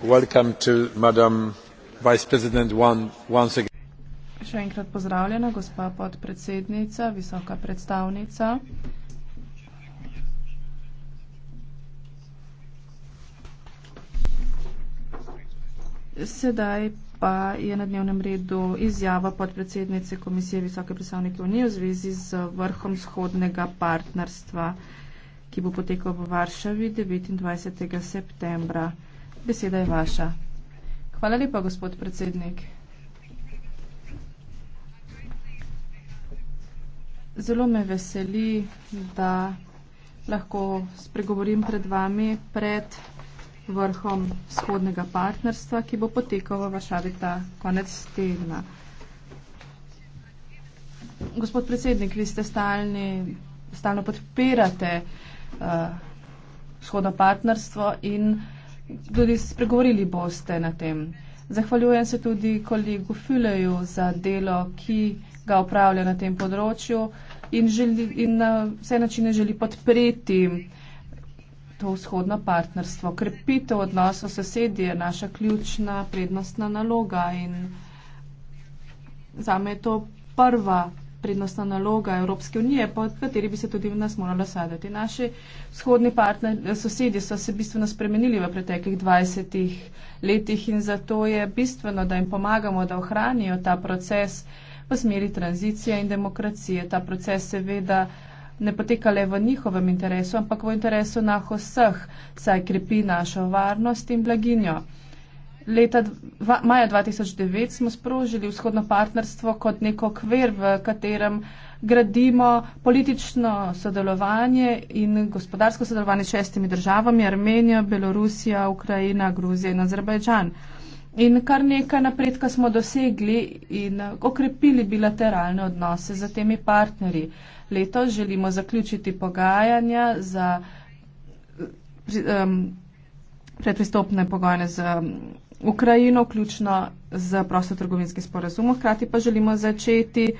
Še enkrat pozdravljena, gospa podpredsednica, visoka predstavnica. Sedaj pa je na dnevnem redu izjava podpredsednice Komisije visoke predstavnike Unije v zvezi z vrhom shodnega partnerstva, ki bo potekal v Varšavi 29. septembra. Beseda je vaša. Hvala lepa, gospod predsednik. Zelo me veseli, da lahko spregovorim pred vami pred vrhom shodnega partnerstva, ki bo potekal v Vašavi ta konec tedna. Gospod predsednik, vi ste stalni, stalno podpirate uh, eh, shodno partnerstvo in uh, tudi spregovorili boste na tem. Zahvaljujem se tudi kolegu Füleju za delo, ki ga upravlja na tem področju in, želi, in na vse načine želi podpreti to vzhodno partnerstvo. Krepitev odnosov s sosedi je naša ključna prednostna naloga in zame je to prva prednostna naloga Evropske unije, pod kateri bi se tudi v nas morala sadati. Naši vzhodni partner, sosedje so se bistveno spremenili v preteklih 20 letih in zato je bistveno, da jim pomagamo, da ohranijo ta proces v smeri tranzicije in demokracije. Ta proces seveda ne poteka le v njihovem interesu, ampak v interesu nah vseh, saj krepi našo varnost in blaginjo leta dva, maja 2009 smo sprožili vzhodno partnerstvo kot neko kver, v katerem gradimo politično sodelovanje in gospodarsko sodelovanje s šestimi državami Armenijo, Belorusijo, Ukrajina, Gruzijo in Azerbajdžan. In kar nekaj napredka smo dosegli in okrepili bilateralne odnose z temi partnerji. Letos želimo zaključiti pogajanja za um, predpristopne pogajanja za um, Ukrajino, vključno z prostotrgovinskim sporazumom. Hkrati pa želimo začeti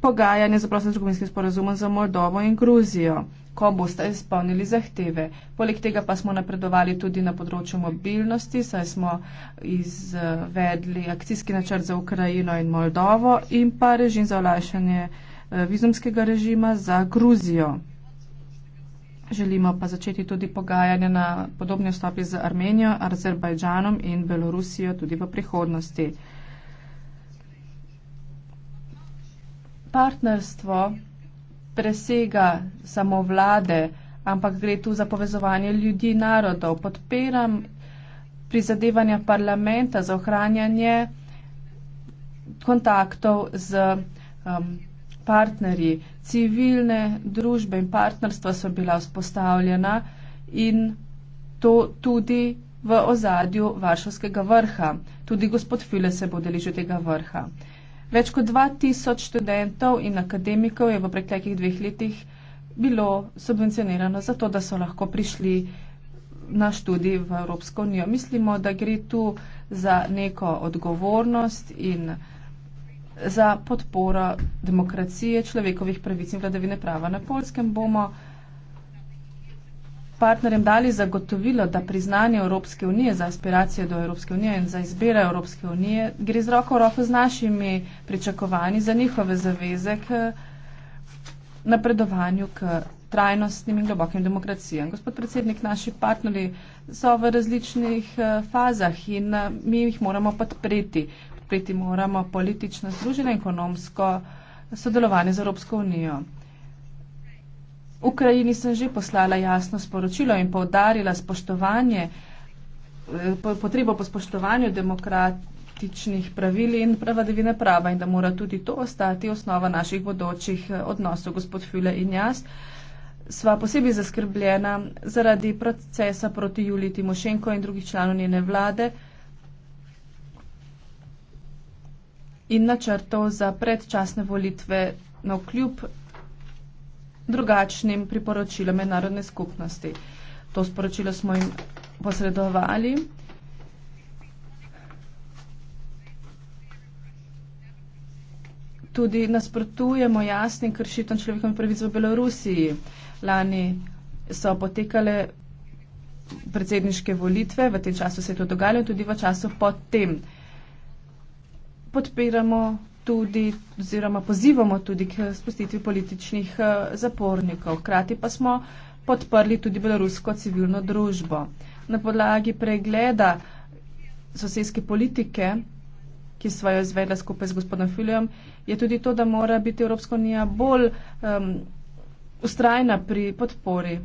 pogajanje za prostotrgovinskim sporazumom za Moldovo in Gruzijo, ko boste izpolnili zahteve. Poleg tega pa smo napredovali tudi na področju mobilnosti, saj smo izvedli akcijski načrt za Ukrajino in Moldovo in pa režim za olajšanje eh, vizumskega režima za Gruzijo. Želimo pa začeti tudi pogajanja na podobni stopi z Armenijo, Azerbajdžanom in Belorusijo tudi v prihodnosti. Partnerstvo presega samo vlade, ampak gre tu za povezovanje ljudi, narodov. Podpiram prizadevanja parlamenta za ohranjanje kontaktov z. Um, partnerji, civilne družbe in partnerstva so bila vzpostavljena in to tudi v ozadju Varšavskega vrha. Tudi gospod File se bo deležil tega vrha. Več kot 2000 študentov in akademikov je v preteklih dveh letih bilo subvencionirano za to, da so lahko prišli na študij v Evropsko unijo. Mislimo, da gre tu za neko odgovornost in za podporo demokracije, človekovih pravic in vladavine prava. Na Polskem bomo partnerjem dali zagotovilo, da priznanje Evropske unije za aspiracije do Evropske unije in za izbira Evropske unije gre z roko v roko z našimi pričakovanji za njihove zaveze k napredovanju k trajnostnim in globokim demokracijam. Gospod predsednik, naši partnerji so v različnih eh, fazah in eh, mi jih moramo podpreti podpreti moramo politično, združeno in ekonomsko sodelovanje z Evropsko unijo. Ukrajini sem že poslala jasno sporočilo in povdarila spoštovanje, eh, potrebo po spoštovanju demokratičnih pravil in pravadevine prava in da mora tudi to ostati osnova naših bodočih eh, odnosov, gospod File in jaz. Sva posebej zaskrbljena zaradi procesa proti Juliji Timošenko in drugih članov njene vlade. in načrtov za predčasne volitve na vkljub drugačnim priporočilom mednarodne skupnosti. To sporočilo smo jim posredovali. Tudi nasprotujemo jasnim kršitvam človekovih pravic v Belorusiji. Lani so potekale predsedniške volitve, v tem času se je to dogajalo in tudi v času potem podpiramo tudi oziroma pozivamo tudi k spustitvi političnih eh, zapornikov. Hkrati pa smo podprli tudi belorusko civilno družbo. Na podlagi pregleda sosedske politike, ki so jo izvedla skupaj z gospodom Filijom, je tudi to, da mora biti Evropska unija bolj um, ustrajna pri podpori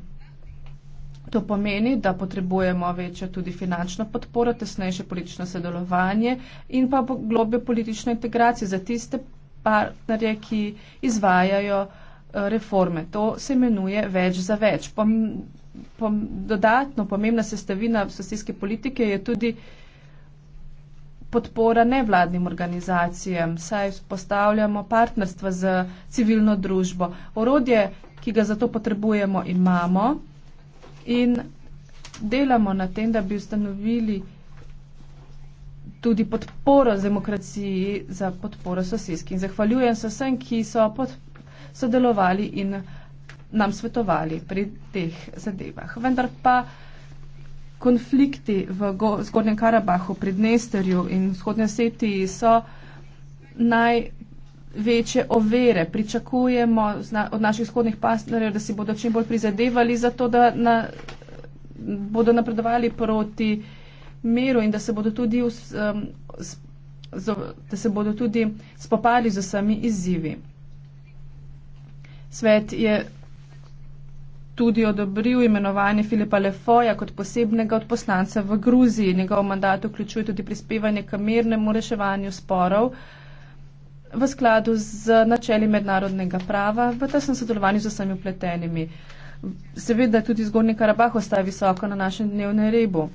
To pomeni, da potrebujemo večjo tudi finančno podporo, tesnejše politično sodelovanje in pa globje politične integracije za tiste partnerje, ki izvajajo eh, reforme. To se imenuje več za več. Pom, pom, dodatno pomembna sestavina sosijske politike je tudi podpora nevladnim organizacijam, saj postavljamo partnerstva z civilno družbo. Orodje, ki ga zato potrebujemo, imamo. In delamo na tem, da bi ustanovili tudi podporo demokraciji za podporo sosedskim. Zahvaljujem se vsem, ki so sodelovali in nam svetovali pri teh zadevah. Vendar pa konflikti v Zgornjem Karabahu, pri Dnesterju in vzhodnjem Seti so naj večje overe. Pričakujemo od naših vzhodnih partnerjev, da si bodo čim bolj prizadevali za to, da na, bodo napredovali proti miru in da se bodo tudi, um, se bodo tudi spopali z vsemi izzivi. Svet je tudi odobril imenovanje Filipa Lefoja kot posebnega odposlanca v Gruziji. Njegov mandat vključuje tudi prispevanje k mirnemu reševanju sporov. Uh, v skladu z načeli mednarodnega prava, v tesnem sodelovanju z vsemi upletenimi. Seveda tudi zgornji Karabah ostaja visoko na našem dnevnem rebu.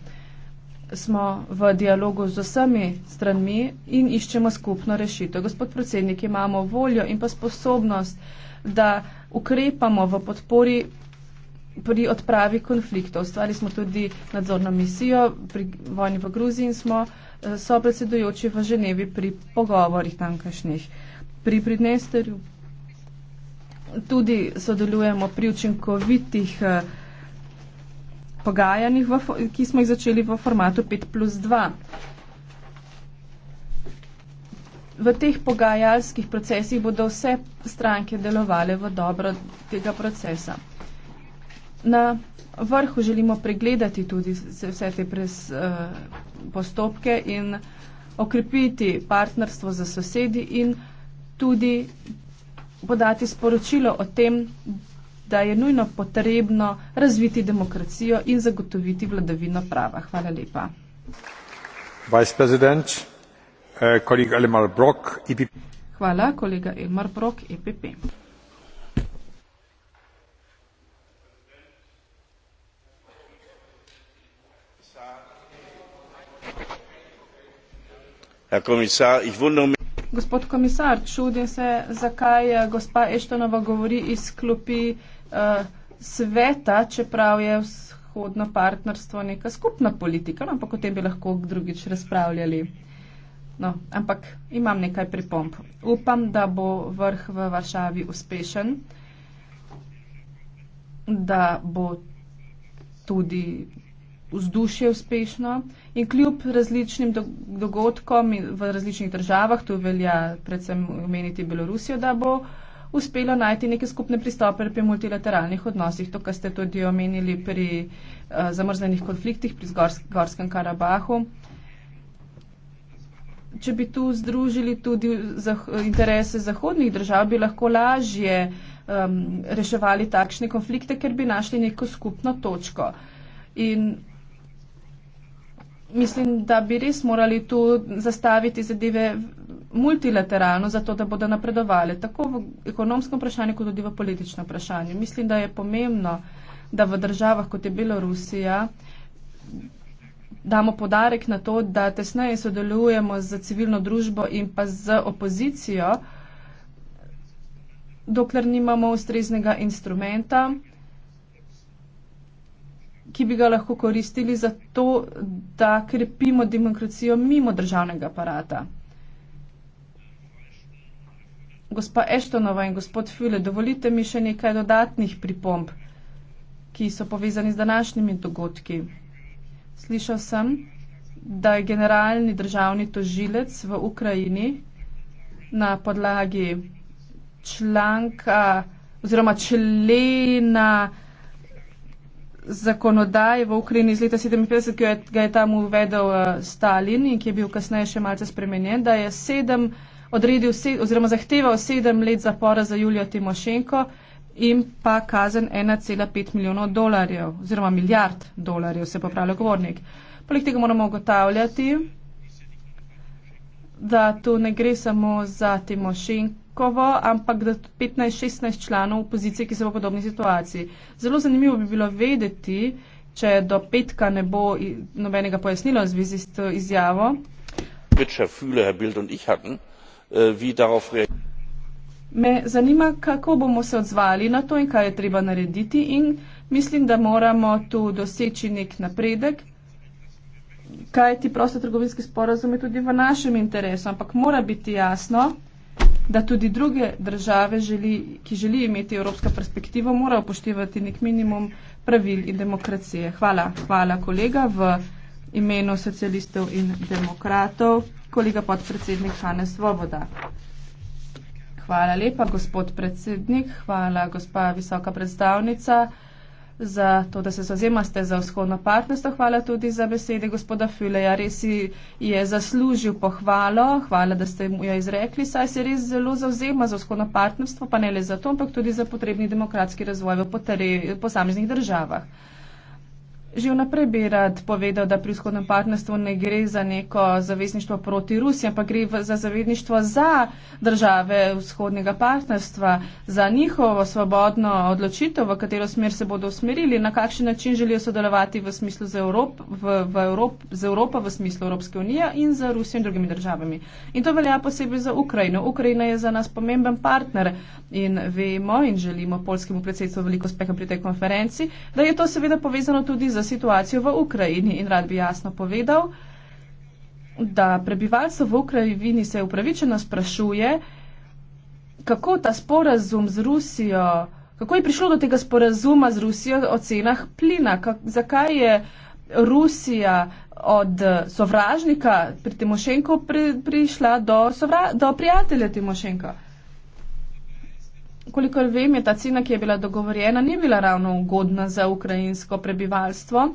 Smo v dialogu z vsemi stranmi in iščemo skupno rešitev. Gospod predsednik, imamo voljo in pa sposobnost, da ukrepamo v podpori pri odpravi konfliktov. Ustvarili smo tudi nadzorno misijo pri vojni v Gruziji in smo uh, so predsedujoči v Ženevi pri pogovorih tamkajšnjih. Pri Pridnesterju tudi sodelujemo pri učinkovitih eh, pogajanjih, v, ki smo jih začeli v formatu 5 plus 2. V teh pogajalskih procesih bodo vse stranke delovale v dobro tega procesa. Na vrhu želimo pregledati tudi vse te pres, uh, postopke in okrepiti partnerstvo za sosedi in tudi podati sporočilo o tem, da je nujno potrebno razviti demokracijo in zagotoviti vladavino prava. Hvala lepa. Eh, e Hvala, kolega Elmar Brok, EPP. herr kommissar ich wundere mich Gospod komisar, čudim se, zakaj je eh, gospa Eštonova govori iz klopi uh, sveta, čeprav je vzhodno partnerstvo neka skupna politika, no, ampak o tem bi lahko drugič razpravljali. No, ampak imam nekaj pripomp. Upam, da bo vrh v Varšavi uspešen, da bo tudi vzdušje uspešno in kljub različnim dogodkom v različnih državah, tu velja predvsem omeniti Belorusijo, da bo uspelo najti neke skupne pristope pri multilateralnih odnosih, to, kar ste tudi omenili pri uh, eh, zamrznenih konfliktih pri Gorskem Karabahu. Če bi tu združili tudi zah interese zahodnih držav, bi lahko lažje um, reševali takšne konflikte, ker bi našli neko skupno točko. In mislim, da bi res morali tu zastaviti zadeve multilateralno, zato da bodo napredovali tako v ekonomskem vprašanju, kot tudi v političnem vprašanju. Mislim, da je pomembno, da v državah, kot je Belorusija, damo podarek na to, da tesneje sodelujemo z civilno družbo in pa z opozicijo, dokler nimamo ustreznega instrumenta ki bi ga lahko koristili za to, da krepimo demokracijo mimo državnega aparata. Gospa Eštonova in gospod File, dovolite mi še nekaj dodatnih pripomb, ki so povezani z današnjimi dogodki. Slišal sem, da je generalni državni tožilec v Ukrajini na podlagi članka oziroma člena zakonodaje v Ukrajini iz leta 57, ki jo je, ga je tam uvedel eh, Stalin in ki je bil kasneje še malce spremenjen, da je sedem odredil se, oziroma zahteval sedem let zapora za Julijo Timošenko in pa kazen 1,5 milijonov dolarjev oziroma milijard dolarjev, se popravlja govornik. Poleg tega moramo ugotavljati, da tu ne gre samo za Timošenko Kovo, ampak da 15-16 članov opozicije, ki so v podobni situaciji. Zelo zanimivo bi bilo vedeti, če do petka ne bo nobenega pojasnila v zvezi s to izjavo. Äh, Me zanima, kako bomo se odzvali na to in kaj je treba narediti in mislim, da moramo tu doseči nek napredek. Kaj ti proste trgovinski sporazumi tudi v našem interesu, ampak mora biti jasno, da tudi druge države, želi, ki želi imeti evropsko perspektivo, mora upoštevati nek minimum pravil in demokracije. Hvala, hvala kolega v imenu socialistov in demokratov, kolega podpredsednik Hane Svoboda. Hvala lepa, gospod predsednik, hvala, gospa visoka predstavnica za to, da se zazemaste za vzhodno partnerstvo. Hvala tudi za besede gospoda Füleja. Res je zaslužil pohvalo. Hvala, da ste mu jo izrekli. Saj se res zelo zauzema za vzhodno partnerstvo, pa ne le za to, ampak tudi za potrebni demokratski razvoj v posameznih državah. Že vnaprej bi rad povedal, da pri vzhodnem partnerstvu ne gre za neko zavezništvo proti Rusiji, ampak gre za zavezništvo za države vzhodnega partnerstva, za njihovo svobodno odločitev, v katero smer se bodo usmerili, na kakšen način želijo sodelovati v smislu z Evrop, v, v Evrop, z Evropa, v smislu Evropske unije in z Rusijo in drugimi državami. In to velja posebej za Ukrajino. Ukrajina je za nas pomemben partner in vemo in želimo polskemu predsedstvu veliko uspeha pri tej konferenci, da je to seveda povezano tudi z za situacijo v Ukrajini in rad bi jasno povedal, da prebivalstvo v Ukrajini se upravičeno sprašuje, kako ta sporazum z Rusijo, kako je prišlo do tega sporazuma z Rusijo o cenah plina, kak, zakaj je Rusija od sovražnika pri Timošenko pri, prišla do, sovra, do prijatelja Timošenka kolikor vem, je ta cena, ki je bila dogovorjena, ni bila ravno ugodna za ukrajinsko prebivalstvo,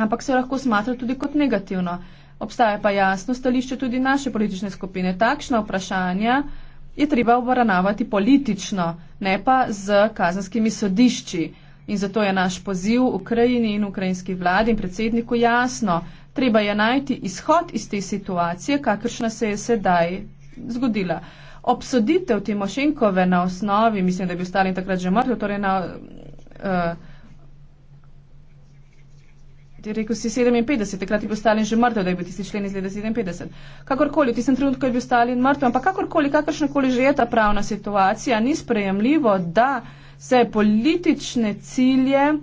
ampak se jo lahko smatra tudi kot negativno. Obstaja pa jasno stališče tudi naše politične skupine. Takšna vprašanja je treba obravnavati politično, ne pa z kazanskimi sodišči. In zato je naš poziv Ukrajini in ukrajinski vladi in predsedniku jasno. Treba je najti izhod iz te situacije, kakršna se je sedaj zgodila obsoditev Timošenkove na osnovi, mislim, da je bil Stalin takrat že mrtev, torej na. Uh, eh, ti rekel si 57, takrat je bil Stalin že mrtev, da je bil tisti člen iz leta 57. Kakorkoli, v tistem trenutku je bil Stalin mrtev, ampak kakorkoli, kakršnakoli že je ta pravna situacija, ni sprejemljivo, da se politične cilje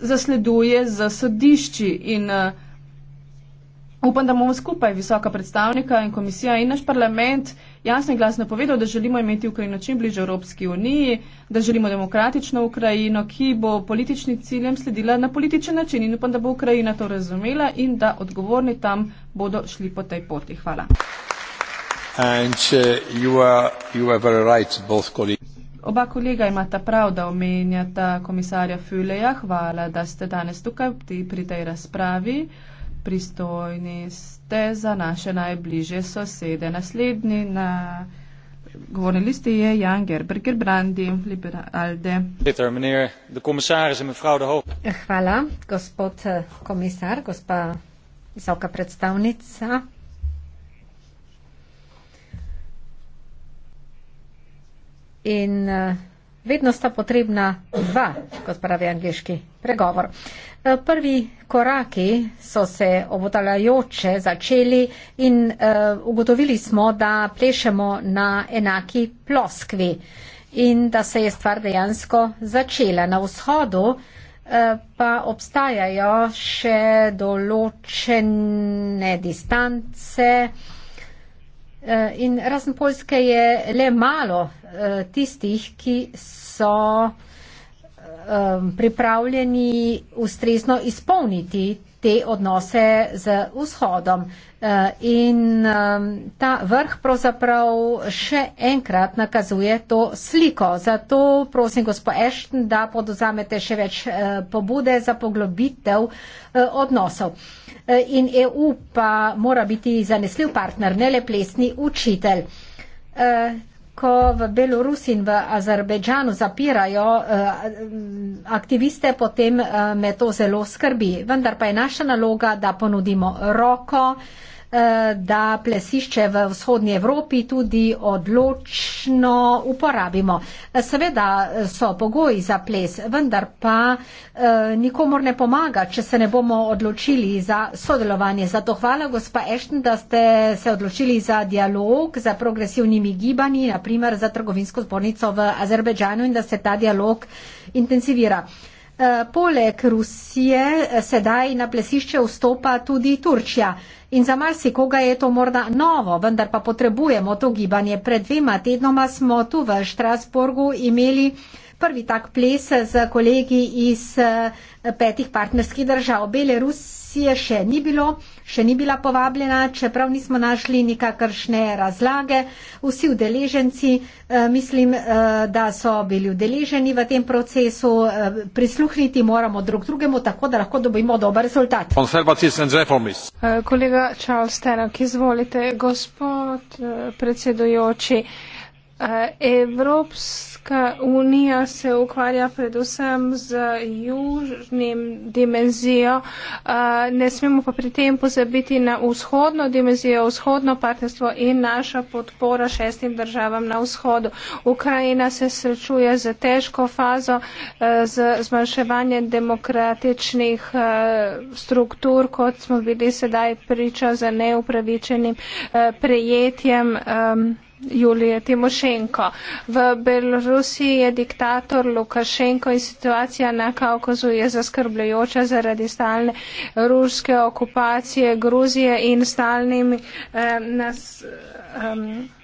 zasleduje za sodišči in uh, upam, da bomo skupaj visoka predstavnika in komisija in naš parlament uh, jasno in glasno povedal, da želimo imeti Ukrajino čim bliže Evropski uniji, da želimo demokratično Ukrajino, ki bo političnim ciljem sledila na političen način in upam, da bo Ukrajina to razumela in da odgovorni tam bodo šli po tej poti. Hvala. And, uh, you are, you are right, Oba kolega imata prav, da omenjata komisarja Füleja. Hvala, da ste danes tukaj pri tej razpravi pristojni ste za naše najbližje sosede. Naslednji na govorni listi je Jan Gerberger Brandi, liberalde. Hvala, gospod eh, komisar, gospa visoka predstavnica. In eh, vedno sta potrebna dva, kot pravi angliški pregovor. Eh, prvi koraki so se obotavljajoče začeli in uh, ugotovili smo, da plešemo na enaki ploskvi in da se je stvar dejansko začela. Na vzhodu uh, pa obstajajo še določene distance uh, in razen Poljske je le malo uh, tistih, ki so um, pripravljeni ustrezno izpolniti te odnose z vzhodom. Uh, in um, ta vrh pravzaprav še enkrat nakazuje to sliko. Zato prosim, gospod Ešten, da podozamete še več uh, pobude za poglobitev uh, odnosov. Uh, in EU pa mora biti zanesljiv partner, ne le plesni učitelj. Uh, ko v Belorusi in v Azerbejdžanu zapirajo eh, aktiviste, potem eh, me to zelo skrbi. Vendar pa je naša naloga, da ponudimo roko, Eh, da plesišče v vzhodnji Evropi tudi odločno uporabimo. Eh, seveda so pogoji za ples, vendar pa eh, nikomor ne pomaga, če se ne bomo odločili za sodelovanje. Zato hvala, gospa Ešten, da ste se odločili za dialog za progresivnimi gibanji, naprimer za trgovinsko zbornico v Azerbejdžanu in da se ta dialog intensivira. Eh, poleg Rusije eh, sedaj na plesišče vstopa tudi Turčija. In za marsikoga je to morda novo, vendar pa potrebujemo to gibanje. Pred dvema tednoma smo tu v Štrasburgu imeli prvi tak ples z kolegi iz eh, petih partnerskih držav. Belorusije še ni bilo še ni bila povabljena, čeprav nismo našli nikakršne razlage. Vsi udeleženci, eh, mislim, eh, da so bili udeleženi v tem procesu, eh, prisluhniti moramo drug drugemu, tako da lahko dobimo dober rezultat. Kolega Charles Tenok, izvolite, gospod predsedujoči. Eh, Evropska unija se ukvarja predvsem z južnim dimenzijo, eh, ne smemo pa pri tem pozabiti na vzhodno dimenzijo, vzhodno partnerstvo in naša podpora šestim državam na vzhodu. Ukrajina se srečuje z težko fazo, eh, z zmanjševanjem demokratičnih struktur, kot smo bili sedaj priča z neupravičenim prejetjem Julije Timošenko. V Belorusiji je diktator Lukašenko in situacija na Kaukazu je zaskrbljujoča zaradi stalne ruske okupacije Gruzije in stalnimi eh, nas. Eh,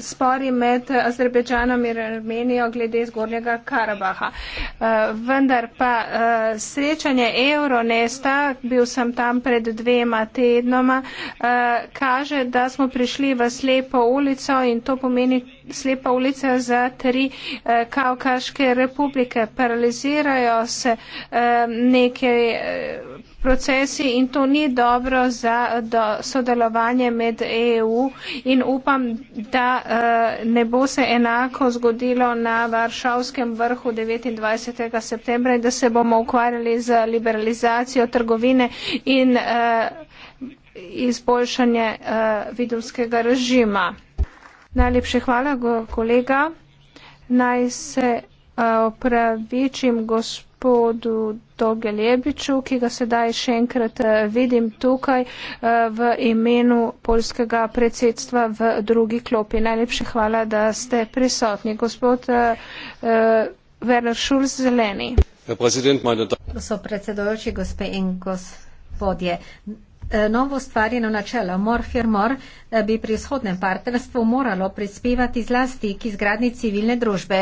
spori med Azerbejdžanom in Armenijo glede zgornjega Karabaha. Eh, vendar pa eh, srečanje Euronesta, bil sem tam pred dvema tednoma, eh, kaže, da smo prišli v slepo ulico in to pomeni slepa ulica za tri kaukaške republike. Paralizirajo se neke procesi in to ni dobro za do sodelovanje med EU in upam, da eh, ne bo se enako zgodilo na Varšavskem vrhu 29. septembra in da se bomo ukvarjali z liberalizacijo trgovine in eh, izboljšanje eh, vidovskega režima. Najlepše hvala, kolega. Naj se opravičim gospodu Toge Lebiču, ki ga sedaj še enkrat eh, vidim tukaj eh, v imenu polskega predsedstva v drugi klopi. Najlepše hvala, da ste prisotni. Gospod eh, Werner Schulz, zeleni. Herr Präsident, meine Damen und Herren. Eh, novo ustvarjeno načelo More for More eh, bi pri vzhodnem partnerstvu moralo prispevati zlasti k izgradni civilne družbe.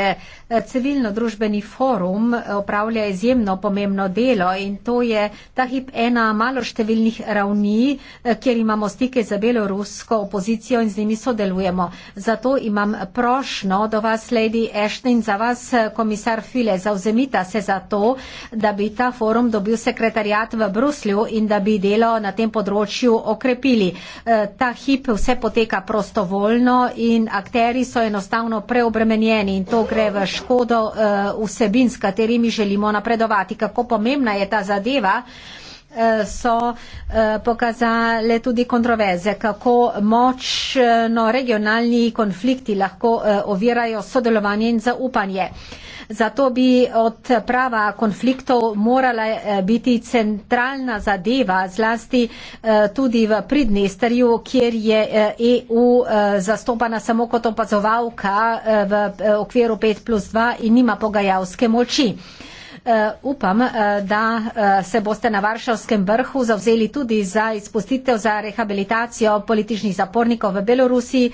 Eh, civilno-družbeni forum opravlja izjemno pomembno delo in to je ta hip ena maloštevilnih ravni, kjer imamo stike za belorusko opozicijo in z njimi sodelujemo. Zato imam prošno do vas, Lady Ashton, in za vas, komisar File, zauzemita se za to, da bi ta forum dobil sekretarjat v Bruslju in da bi delo na tem področju področju okrepili. Eh, ta hip vse poteka prostovoljno in akteri so enostavno preobremenjeni in to gre v škodo eh, vsebin, s katerimi želimo napredovati. Kako pomembna je ta zadeva? Eh, so pokazale tudi kontroverze, kako močno regionalni konflikti lahko ovirajo sodelovanje in zaupanje. Zato bi odprava konfliktov morala eh, biti centralna zadeva, zlasti eh, tudi v Pridnesterju, kjer je EU eh, e zastopana samo kot opazovalka v okviru 5 plus 2 in nima pogajalske moči. Eh, upam, eh, da eh, se boste na Varšavskem vrhu zavzeli tudi za izpustitev, za rehabilitacijo političnih zapornikov v Belorusiji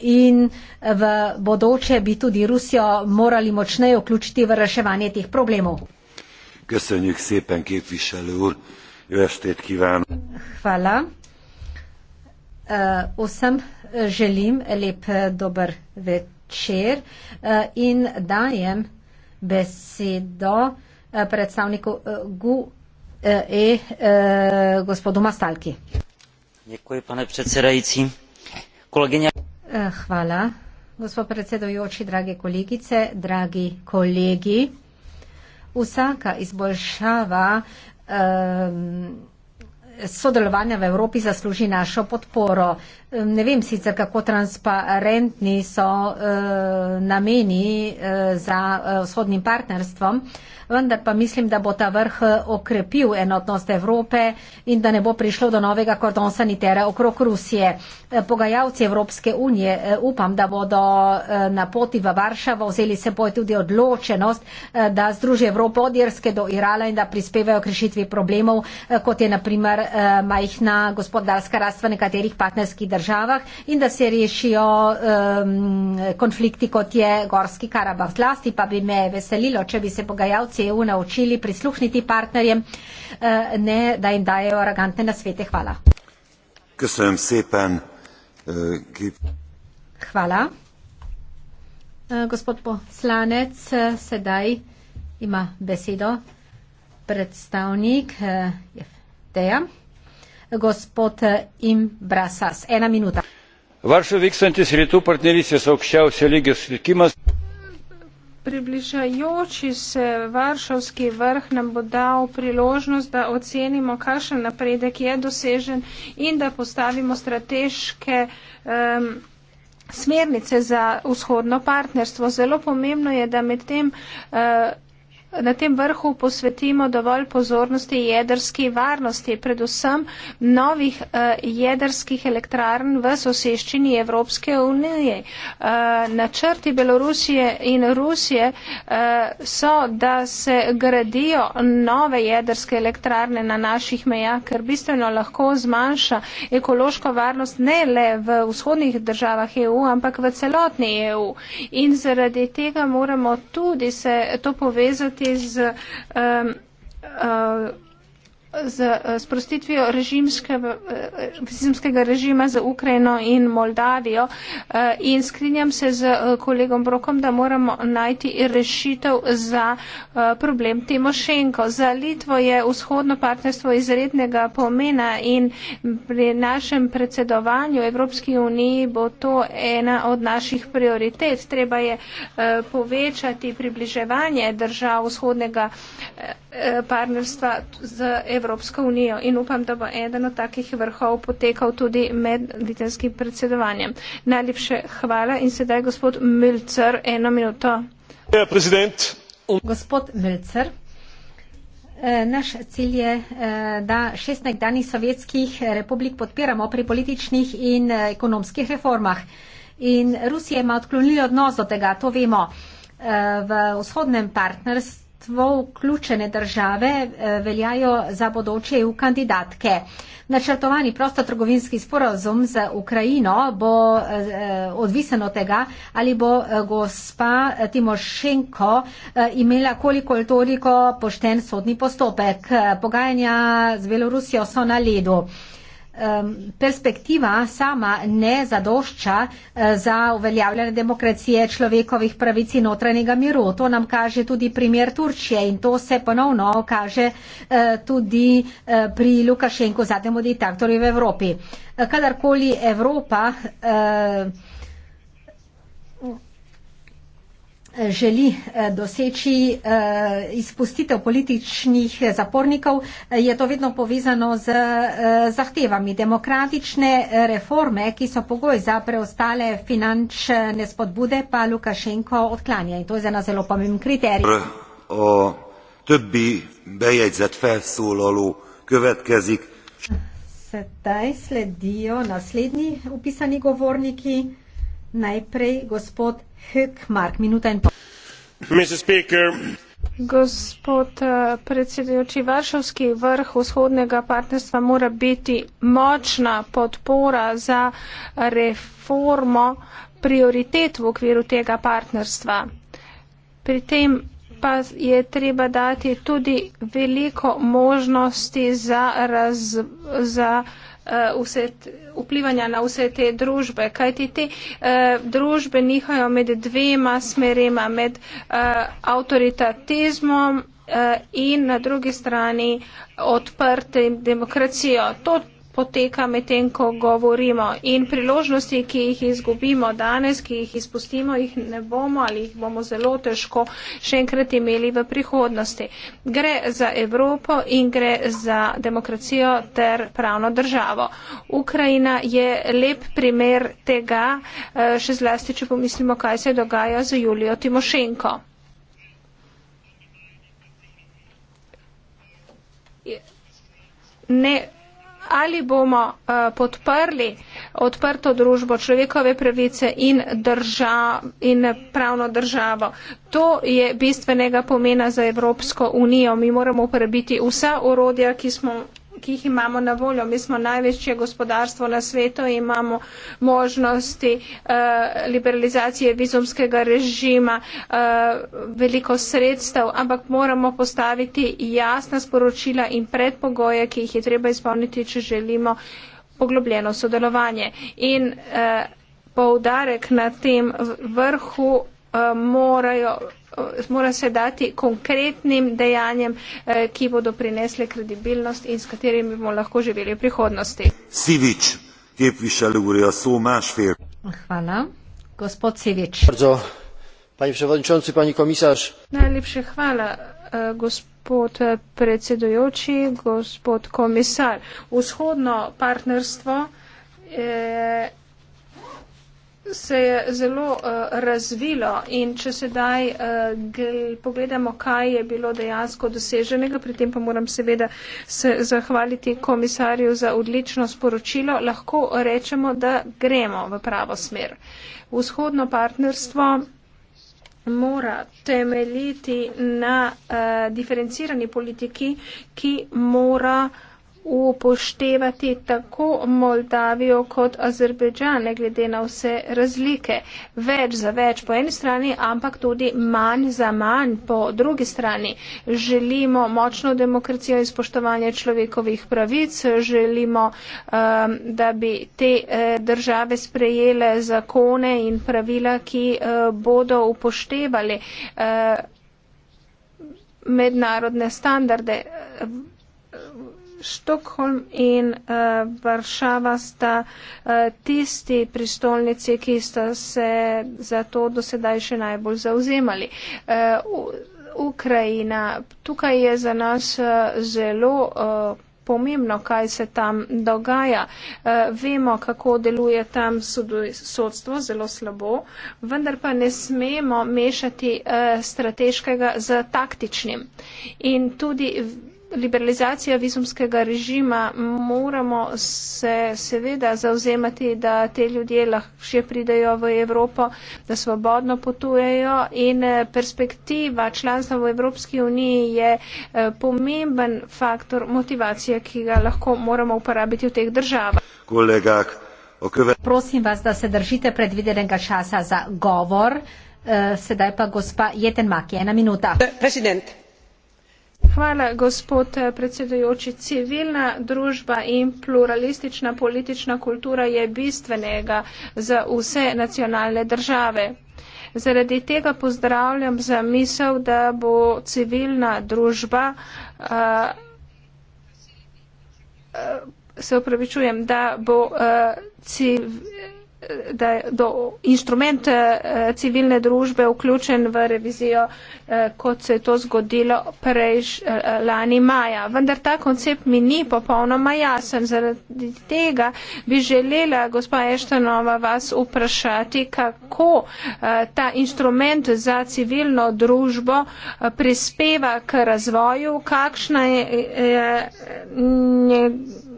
in v bodoče bi tudi Rusijo morali močneje vključiti v reševanje teh problemov. Köszönjük szépen, képviselő úr! Jó estét kívánok! Hvala! Vsem želim lep dober večer in dajem besedo eh, predstavniku eh, GUE, eh, -E, gospodu Mastalki. Děkuji, pane předsedající. Kolegyně. Hvala. Gospod predsedujoči, drage kolegice, dragi kolegi, vsaka izboljšava um, sodelovanja v Evropi zasluži našo podporo. Ne vem sicer, kako transparentni so eh, nameni eh, za eh, vzhodnim partnerstvom vendar pa mislim, da bo ta vrh eh, okrepil enotnost Evrope in da ne bo prišlo do novega kordon sanitera okrog Rusije. Eh, pogajalci Evropske unije eh, upam, da bodo na poti v Varšavo vzeli seboj tudi odločenost, da združijo Evropo od Irske do Irala in da prispevajo k rešitvi problemov, kot je naprimer majhna gospodarska rast v nekaterih partnerskih državah in da se rešijo ehm, konflikti, kot je Gorski Karabah. Zlasti pa bi me veselilo, če bi se pogajalci CEU naučili prisluhniti partnerjem, eh, ne da jim dajejo arogantne nasvete. Hvala. Köszönöm szépen. Eh, Hvala. Eh, gospod poslanec, sedaj ima besedo predstavnik Teja. Gospod Im Brasas, ena minuta. Vaš vikend je sredo partnerice sobščal vse lige s kimas. Približajoči se Varšavski vrh nam bo dal priložnost, da ocenimo, kakšen napredek je dosežen in da postavimo strateške um, smernice za vzhodno partnerstvo. Zelo pomembno je, da med tem uh, eh, na tem vrhu posvetimo dovolj pozornosti jedrski varnosti, predvsem novih eh, jedrskih elektrarn v soseščini Evropske unije. Eh, načrti Belorusije in Rusije eh, so, da se gradijo nove jedrske elektrarne na naših mejah, ker bistveno lahko zmanjša ekološko varnost ne le v vzhodnih državah EU, ampak v celotni EU. In zaradi tega moramo tudi se to povezati z um, uh, z eh, sprostitvijo eh, režimskega režima za Ukrajino in Moldavijo. Eh, in skrinjam se z kolegom Brokom, da moramo najti rešitev za problem Timošenko. Za Litvo je vzhodno partnerstvo izrednega pomena in pri našem predsedovanju Evropski uniji bo to ena od naših prioritet. Treba je povečati približevanje držav vzhodnega partnerstva z Evropsko unijo Evropsko unijo in upam, da bo eden od takih vrhov potekal tudi med litenskim predsedovanjem. Najlepše hvala in sedaj gospod Milcer, eno minuto. Ja, prezident. Gospod Milcer, eh, naš cilj je, eh, da 16 nekdanjih sovjetskih republik podpiramo pri političnih in eh, ekonomskih reformah. In Rusija ima odklonili odnos do tega, to vemo. V vzhodnem partnerstvu vodstvo vključene države eh, veljajo za bodoče EU kandidatke. Načrtovani prostotrgovinski sporazum z Ukrajino bo eh, odvisen od tega, ali bo eh, gospa Timošenko imela koliko ali toliko pošten sodni postopek. Pogajanja z Belorusijo so na ledu perspektiva sama ne zadošča eh, za uveljavljanje demokracije človekovih pravic in notranjega miru. To nam kaže tudi primer Turčije in to se ponovno kaže eh, tudi eh, pri Lukašenku, zadnjemu diktatorju v Evropi. Kadarkoli Evropa želi eh, doseči eh, izpustitev političnih zapornikov, eh, je to vedno povezano z zahtevami demokratične reforme, ki so pogoj za preostale finančne spodbude, pa Lukašenko odklanja. In to je za nas zelo pomemben kriterij. A többi bejegyzett felszólaló következik. Sedaj sledijo naslednji upisani govorniki. Najprej gospod Hkmark, minuta in pol. Gospod eh, predsedujoči, Varšavski vrh vzhodnega partnerstva mora biti močna podpora za reformo prioritet v okviru tega partnerstva. Pri tem pa je treba dati tudi veliko možnosti za, raz, za uh, Eh, vse, vplivanja na vse te družbe, kajti te uh, družbe nihajo med dvema smerema, med uh, avtoritatizmom uh, in na drugi strani odprte demokracijo. To, poteka medtem, ko govorimo. In priložnosti, ki jih izgubimo danes, ki jih izpustimo, jih ne bomo ali jih bomo zelo težko še enkrat imeli v prihodnosti. Gre za Evropo in gre za demokracijo ter pravno državo. Ukrajina je lep primer tega, eh, še zlasti, če pomislimo, kaj se dogaja z Julijo Timošenko. Ne, ali bomo uh, podprli odprto družbo človekove pravice in, drža, in pravno državo. To je bistvenega pomena za Evropsko unijo. Mi moramo uporabiti vsa orodja, ki smo ki jih imamo na voljo. Mi smo največje gospodarstvo na svetu in imamo možnosti uh, liberalizacije vizumskega režima, uh, veliko sredstev, ampak moramo postaviti jasna sporočila in predpogoje, ki jih je treba izpolniti, če želimo poglobljeno sodelovanje. In uh, poudarek na tem vrhu uh, morajo mora se dati konkretnim dejanjem, eh, ki bodo prinesle kredibilnost in s katerimi bomo lahko živeli v prihodnosti. Sivič, képviselő úr, a szó másfél. Hvala. Gospod Sivič. Pani przewodniczący, pani komisarz. Najlepsze chwała, e, gospod predsedujący, gospod komisarz. Wschodnie partnerstwo e, se je zelo uh, razvilo in če sedaj uh, gl, pogledamo, kaj je bilo dejansko doseženega, pri tem pa moram seveda se zahvaliti komisarju za odlično sporočilo, lahko rečemo, da gremo v pravo smer. Vzhodno partnerstvo mora temeljiti na uh, diferencirani politiki, ki mora uh, upoštevati tako Moldavijo kot Azerbejdžan, ne glede na vse razlike. Več za več po eni strani, ampak tudi manj za manj po drugi strani. Želimo močno demokracijo in spoštovanje človekovih pravic, želimo, um, da bi te eh, države sprejele zakone in pravila, ki eh, bodo upoštevali eh, mednarodne standarde. Eh, Štokholm in eh, Varšava uh, sta uh, tisti pristolnici, ki sta se za to dosedaj še najbolj zauzemali. Uh, eh, Ukrajina, tukaj je za nas uh, zelo. Uh, Pomembno, kaj se tam dogaja. Vemo, kako deluje tam sodstvo, zelo slabo, vendar pa ne smemo mešati strateškega z taktičnim. In tudi liberalizacija vizumskega režima, moramo se seveda zauzemati, da te ljudje lahko še pridejo v Evropo, da svobodno potujejo in eh, perspektiva članstva v Evropski uniji je eh, pomemben faktor motivacije, ki ga lahko moramo uporabiti v teh državah. Kolegak, okve... Prosim vas, da se držite predvidenega časa za govor. Eh, sedaj pa gospa Jeten Maki, ena minuta. President. Hvala, gospod eh, predsedujoči. Civilna družba in pluralistična politična kultura je bistvenega za vse nacionalne države. Zaradi tega pozdravljam zamisel, da bo civilna družba, uh, uh, se upravičujem, da bo uh, civilna da je do inštrument eh, civilne družbe vključen v revizijo, eh, kot se je to zgodilo prejš eh, lani maja. Vendar ta koncept mi ni popolnoma jasen. Zaradi tega bi želela, gospa Eštenova, vas vprašati, kako ta inštrument za civilno družbo prispeva k razvoju, kakšna je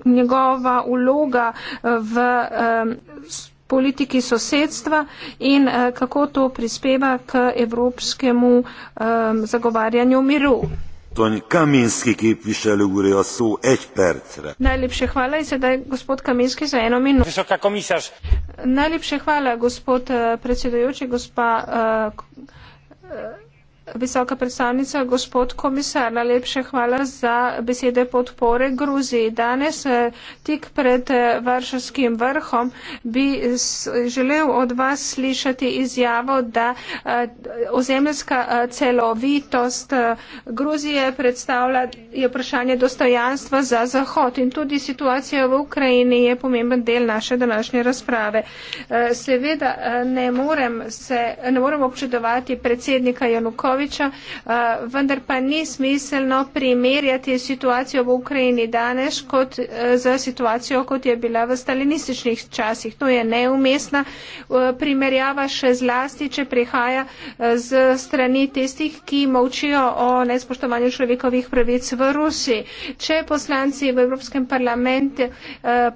njegova uloga v politiki sosedstva in eh, kako to prispeva k evropskemu um, zagovarjanju miru. Najlepše hvala in sedaj gospod Kaminski za eno minuto. Najlepše hvala gospod eh, predsedujoči, gospa. Uh, uh, Visoka predstavnica, gospod komisar, najlepše hvala za besede podpore Gruziji. Danes, eh, tik pred eh, varšavskim vrhom, bi želel od vas slišati izjavo, da eh, ozemljska celovitost Gruzije predstavlja je vprašanje dostojanstva za Zahod in tudi situacija v Ukrajini je pomemben del naše današnje razprave. Seveda ne morem, se, ne morem občudovati predsednika Janukov, Jankoviča, eh, vendar pa ni smiselno primerjati situacijo v Ukrajini danes kot z eh, situacijo, kot je bila v stalinističnih časih. To je neumestna eh, primerjava še zlasti, če prihaja z strani tistih, ki močijo o nespoštovanju človekovih pravic v Rusiji. Če poslanci v Evropskem parlamentu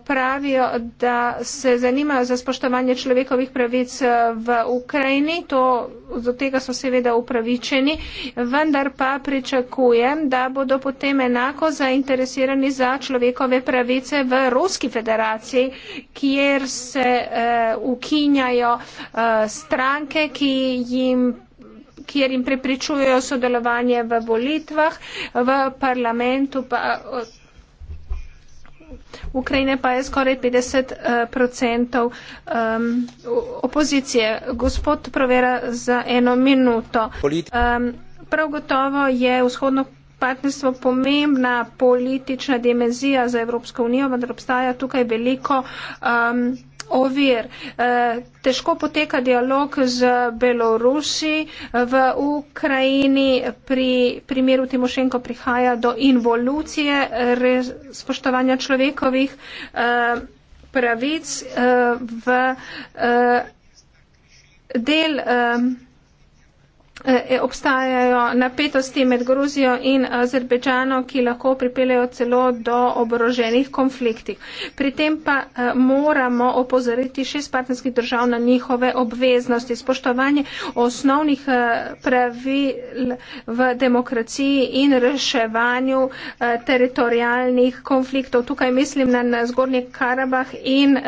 pravijo, da se zanimajo za spoštovanje človekovih pravic v Ukrajini, to, do tega so seveda upravičeni določeni, vendar pa pričakujem, da bodo potem enako zainteresirani za človekove pravice v Ruski federaciji, kjer se uh, ukinjajo uh, stranke, ki jim kjer jim prepričujejo sodelovanje v volitvah, v parlamentu pa. Uh, Ukrajine pa je skoraj 50 eh, procentov um, opozicije. Gospod Provera za eno minuto. Um, prav gotovo je vzhodno partnerstvo pomembna politična dimenzija za Evropsko unijo, vendar obstaja tukaj veliko. Um, ovir. Eh, težko poteka dialog z Belorusi v Ukrajini. Pri primeru Timošenko prihaja do involucije spoštovanja človekovih eh, pravic eh, v del. Eh, obstajajo napetosti med Gruzijo in Azerbejdžano, ki lahko pripeljajo celo do oboroženih konfliktih. Pri tem pa eh, moramo opozoriti šest partnerskih držav na njihove obveznosti, spoštovanje osnovnih eh, pravil v demokraciji in reševanju teritorijalnih konfliktov. Tukaj mislim na zgornje Karabah in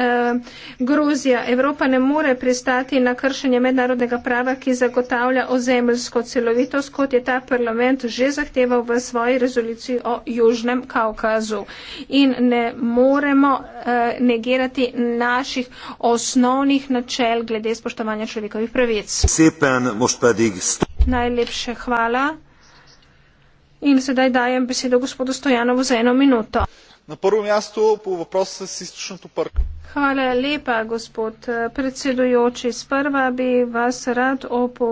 Gruzija. Evropa ne more pristati na kršenje mednarodnega prava, ki zagotavlja ozemlje zemljsko celovitost, kot je ta parlament že zahteval v svoji rezoluciji o Južnem Kaukazu. In ne moremo uh, negirati naših osnovnih načel glede spoštovanja človekovih pravic. Najlepše hvala. In sedaj dajem besedo gospodu Stojanovu za eno minuto. Na prvem mestu bo vprost sestično tupark. Hvala lepa, gospod eh, predsedujoči. Sprva bi vas rad opo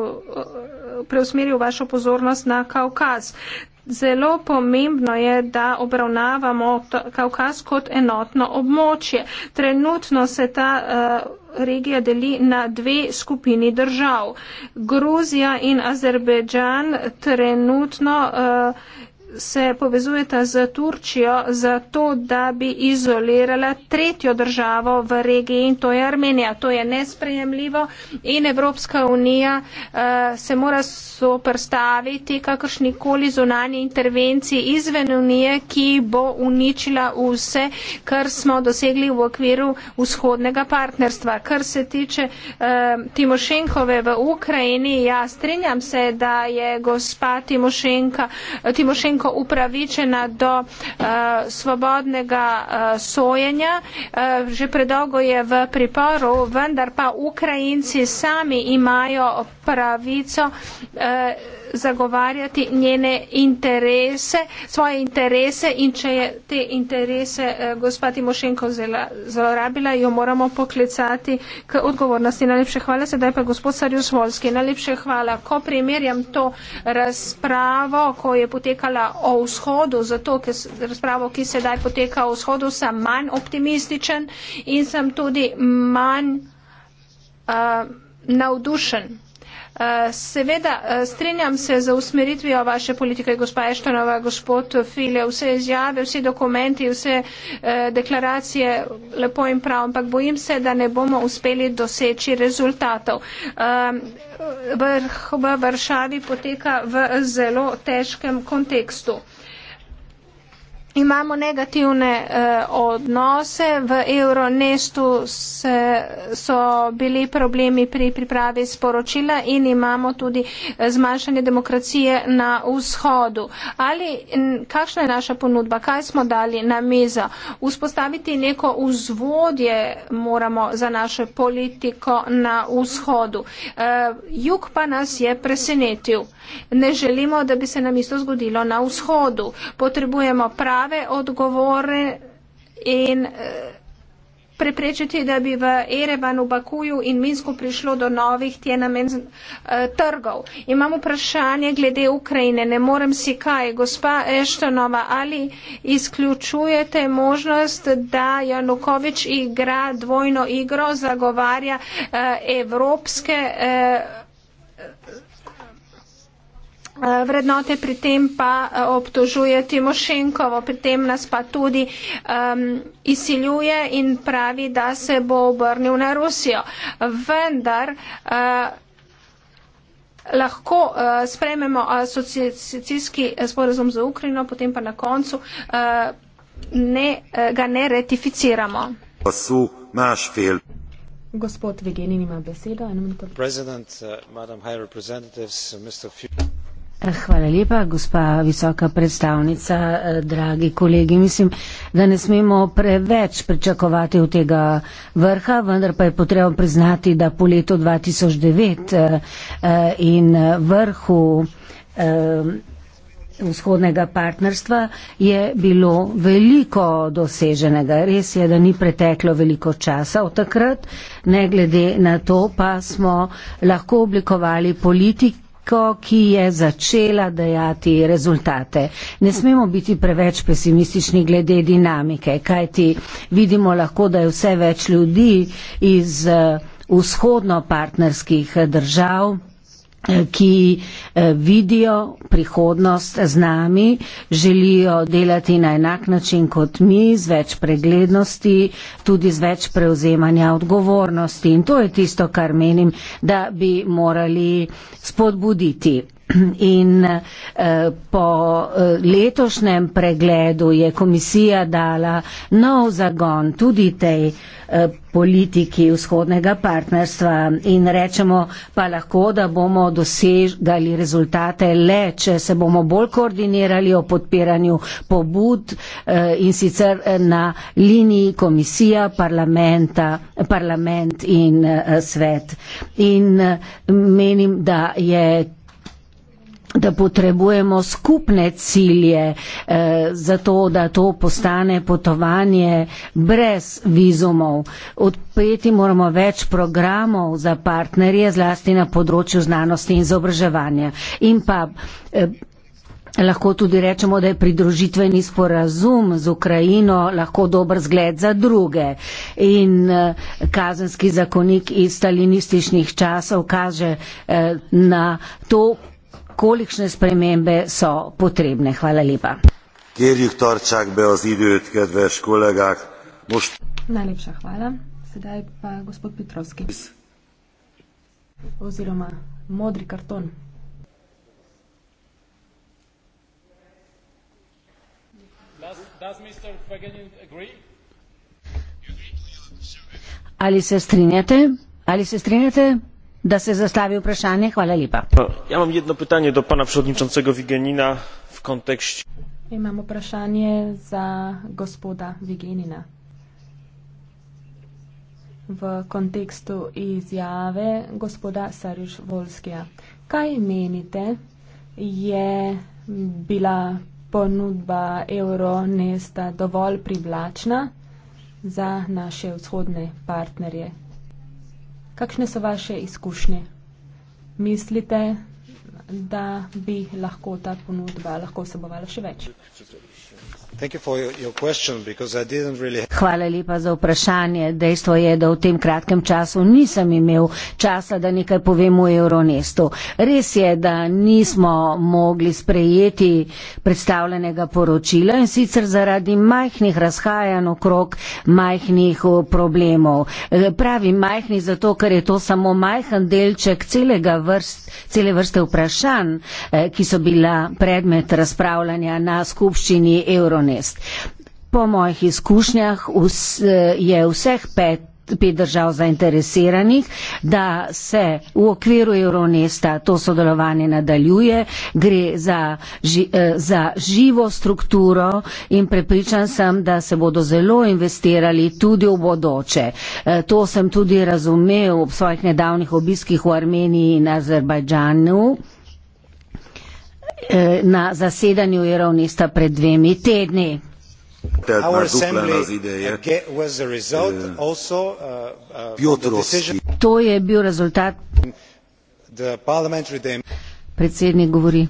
preusmeril vašo pozornost na Kaukaz. Zelo pomembno je, da obravnavamo Kaukaz kot enotno območje. Trenutno se ta uh, regija deli na dve skupini držav. Gruzija in Azerbejdžan trenutno. Uh, se povezujeta z Turčijo za to, da bi izolirala tretjo državo v regiji in to je Armenija. To je nesprejemljivo in Evropska unija uh, se mora soprstaviti kakršnikoli zunanje intervenciji izven unije, ki bo uničila vse, kar smo dosegli v okviru vzhodnega partnerstva. Kar se tiče uh, Timošenkove v Ukrajini, ja, strinjam se, da je gospa Timošenka, Timošenko nekako upravičena do uh, svobodnega uh, sojenja. Uh, že predolgo je v priporu, vendar pa Ukrajinci sami imajo pravico. Uh, zagovarjati njene interese, svoje interese in če je te interese eh, gospa Timošenko zlorabila, jo moramo poklicati k odgovornosti. Najlepše hvala, sedaj pa gospod Sarjus Volski. Najlepše hvala. Ko primerjam to razpravo, ko je potekala o vzhodu, zato ker razpravo, ki sedaj poteka o vzhodu, sem manj optimističen in sem tudi manj uh, navdušen. Seveda, eh, strinjam se za usmeritvijo vaše politike, gospa Eštonova, gospod File, vse izjave, vsi dokumenti, vse eh, deklaracije, lepo in prav, ampak bojim se, da ne bomo uspeli doseči rezultatov. Ehm, vrh v Varšavi poteka v zelo težkem kontekstu. Imamo negativne eh, odnose, v Euronestu se, so bili problemi pri pripravi sporočila in imamo tudi eh, zmanjšanje demokracije na vzhodu. Ali, n, kakšna je naša ponudba, kaj smo dali na mizo? Vzpostaviti neko vzvodje moramo za našo politiko na vzhodu. Eh, jug pa nas je presenetil. Ne želimo, da bi se nam isto zgodilo na vzhodu. Potrebujemo prav prave odgovore in eh, preprečiti, da bi v Erevanu, Bakuju in Minsku prišlo do novih tjenamen eh, trgov. Imam vprašanje glede Ukrajine. Ne morem si kaj. Gospa Eštonova, ali izključujete možnost, da Janukovič igra dvojno igro, zagovarja eh, evropske Eh, vrednote, pri tem pa eh, obtožuje Timošenkovo, pri tem nas pa tudi um, izsiljuje in pravi, da se bo obrnil na Rusijo. Vendar uh, lahko uh, sprememo asociacijski sporozum za Ukrajino, potem pa na koncu uh, ne, uh, ga ne ratificiramo. Gospod Vigenin ima besedo. President, uh, madam high representatives, uh, Mr. Fuchs. Eh, hvala lepa, gospa visoka predstavnica, eh, dragi kolegi. Mislim, da ne smemo preveč pričakovati od tega vrha, vendar pa je potrebno priznati, da po letu 2009 eh, in vrhu vzhodnega partnerstva je bilo veliko doseženega. Res je, da ni preteklo veliko časa od takrat, ne glede na to pa smo lahko oblikovali politik, tekmo, ki je začela dajati rezultate. Ne smemo biti preveč pesimistični glede dinamike, kajti vidimo lahko, da je vse več ljudi iz eh, vzhodno partnerskih eh, držav ki eh, vidijo prihodnost z nami, želijo delati na enak način kot mi, z več preglednosti, tudi z več prevzemanja odgovornosti. In to je tisto, kar menim, da bi morali spodbuditi. In eh, po eh, letošnjem pregledu je komisija dala nov zagon tudi tej eh, politiki vzhodnega partnerstva in rečemo pa lahko, da bomo dosegali rezultate le, če se bomo bolj koordinirali o podpiranju pobud in sicer na liniji komisija, parlament in svet. In menim, da je da potrebujemo skupne cilje eh, za to, da to postane potovanje brez vizumov. Odpeti moramo več programov za partnerje, zlasti na področju znanosti in izobraževanja. In pa eh, Lahko tudi rečemo, da je pridružitveni sporazum z Ukrajino lahko dober zgled za druge. In eh, kazenski zakonik iz stalinističnih časov kaže eh, na to kolikšne spremembe so potrebne. Hvala lepa. Kérjük, tartsák be az időt, kedves kollégák! Most... Najlepša hvala. Sedaj pa gospod Petrovski. Oziroma modri karton. Ali se strinjate? Ali se strinjate? da se zastavi vprašanje. Hvala lepa. Ja imam jedno pytanie do pana przewodniczącego Wigenina w kontekście. Ja mam vprašanje za gospoda Wigenina. V kontekstu izjave gospoda Saruš Volskija. Kaj menite, je bila ponudba Euronesta dovolj privlačna za naše vzhodne partnerje? Kakšne so vaše izkušnje? Mislite, da bi lahko ta ponudba lahko vsebovala še več? Hvala lepa za vprašanje. Dejstvo je, da v tem kratkem času nisem imel časa, da nekaj povem o Euronestu. Res je, da nismo mogli sprejeti predstavljenega poročila in sicer zaradi majhnih razhajanj okrog majhnih eh, problemov. Eh, pravi majhni zato, ker je to samo majhen delček vrst, cele vrste vprašanj, eh, ki so bila predmet razpravljanja na skupščini Euronestu. 12. Po mojih izkušnjah eh, je vseh pet pet držav zainteresiranih, da se v okviru Euronesta to sodelovanje nadaljuje, gre za, ži, eh, za živo strukturo in prepričan sem, da se bodo zelo investirali tudi v bodoče. Eh, to sem tudi razumel ob svojih nedavnih obiskih v Armeniji in Azerbajdžanu. Eh, na zasedanju Euronista pred dvemi tedni. Uh, uh, uh, to je bil rezultat. Predsednik govori.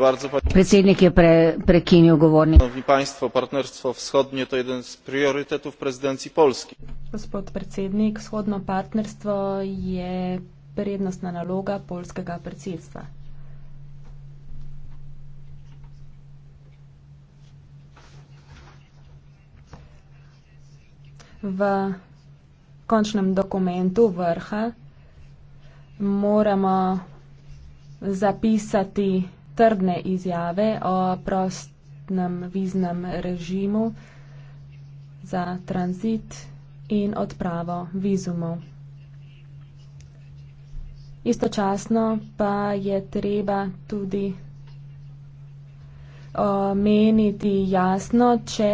Bardzo, pa... Predsednik je pre, prekinil govornik. Šanovni państwo, partnerstvo vzhodnje to je eden z prioritetov prezidenci Polski. Gospod predsednik, vzhodno partnerstvo je prednostna naloga polskega predsedstva. V končnem dokumentu vrha moramo zapisati trdne izjave o prostnem viznem režimu za tranzit in odpravo vizumov istočasno pa je treba tudi omeniti jasno, če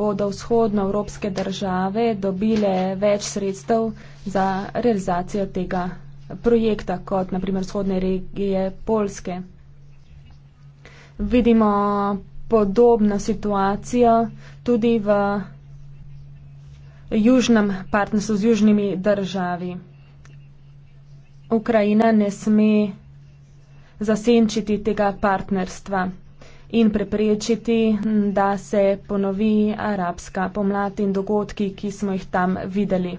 bodo vzhodnoevropske države dobile več sredstev za realizacijo tega projekta, kot naprimer vzhodne regije Polske. Vidimo podobno situacijo tudi v južnem partnerstvu z južnimi državami. Ukrajina ne sme zasenčiti tega partnerstva in preprečiti, da se ponovi arabska pomlad in dogodki, ki smo jih tam videli.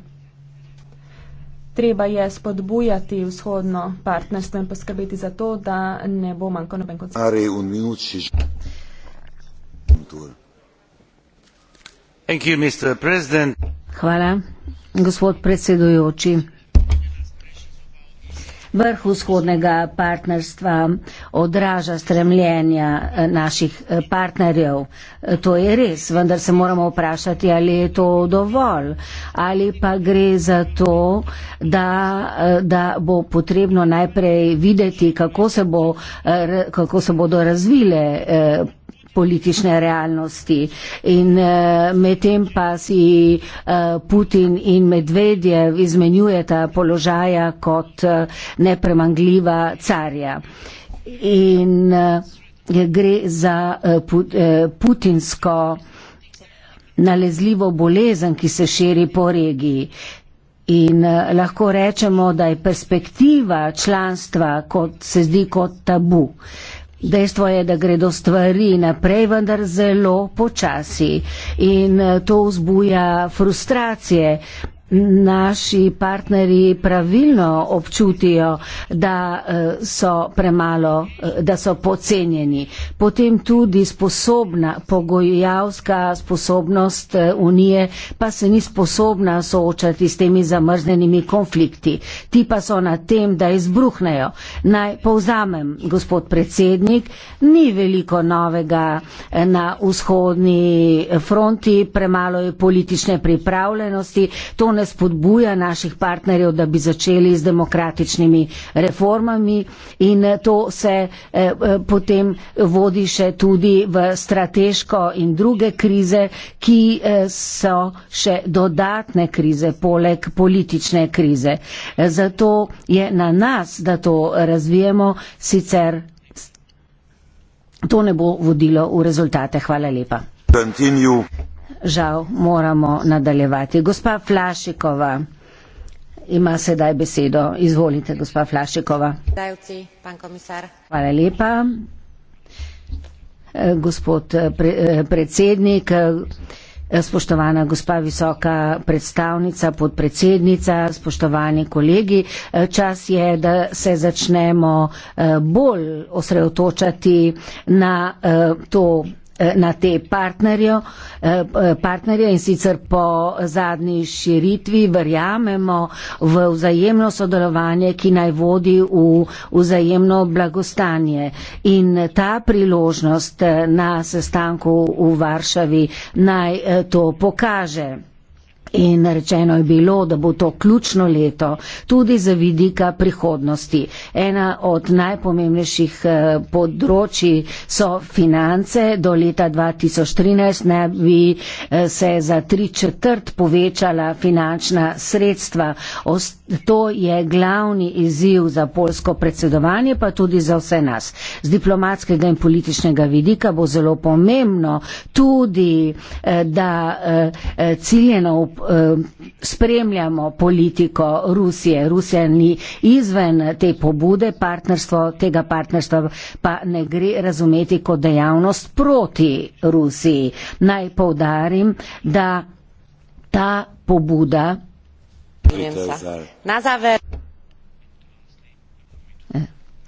Treba je spodbujati vzhodno partnerstvo in poskrbeti za to, da ne bo manjko noben koncert. Hvala, gospod predsedujoči vrh vzhodnega partnerstva odraža stremljenja eh, naših eh, partnerjev. Eh, to je res, vendar se moramo vprašati, ali je to dovolj, ali pa gre za to, da, da bo potrebno najprej videti, kako se, bo, kako se bodo razvile politične realnosti. In uh, medtem pa si uh, Putin in Medvedjev izmenjujeta položaja kot uh, nepremangljiva carja. In uh, gre za uh, put, uh, putinsko nalezljivo bolezen, ki se širi po regiji. In lahko rečemo, da je perspektiva članstva, kot se zdi, kot tabu. Uh, Dejstvo je, da gredo stvari naprej, vendar zelo počasi. In eh, to vzbuja frustracije naši partnerji pravilno občutijo, da eh, so premalo, eh, da so pocenjeni. Potem tudi sposobna pogojavska sposobnost eh, Unije pa se ni sposobna soočati s temi zamrznenimi konflikti. Ti pa so na tem, da izbruhnejo. Naj povzamem, gospod predsednik, ni veliko novega na vzhodni fronti, premalo je politične pripravljenosti. To ne ne spodbuja naših partnerjev, da bi začeli z demokratičnimi reformami in to se eh, eh, potem vodi še tudi v strateško in druge krize, ki eh, so še dodatne krize poleg politične krize. Eh, zato je na nas, da to razvijemo, sicer to ne bo vodilo v rezultate. Hvala lepa. Continue žal moramo nadaljevati. Gospa Flašikova ima sedaj besedo. Izvolite, gospa Flašikova. Dajvci, pan komisar. Hvala lepa. Eh, gospod eh, pre, eh, predsednik, spoštovana gospa visoka predstavnica, podpredsednica, spoštovani kolegi, čas je, da se začnemo bolj osredotočati na to na te eh, partnerje in sicer po zadnji širitvi verjamemo v vzajemno sodelovanje, ki naj vodi v vzajemno blagostanje. In ta priložnost eh, na sestanku v Varšavi naj eh, to pokaže. In rečeno je bilo, da bo to ključno leto tudi za vidika prihodnosti. Ena od najpomembnejših eh, področji so finance. Do leta 2013 naj bi eh, se za tri četrt povečala finančna sredstva. To je glavni izziv za polsko predsedovanje, pa tudi za vse nas. Z diplomatskega in političnega vidika bo zelo pomembno tudi, eh, da ciljeno upoštevamo Eh, spremljamo politiko Rusije. Rusija ni izven te pobude, partnerstvo tega partnerstva pa ne gre razumeti kot dejavnost proti Rusiji. Naj povdarim, da ta pobuda. Na zaver.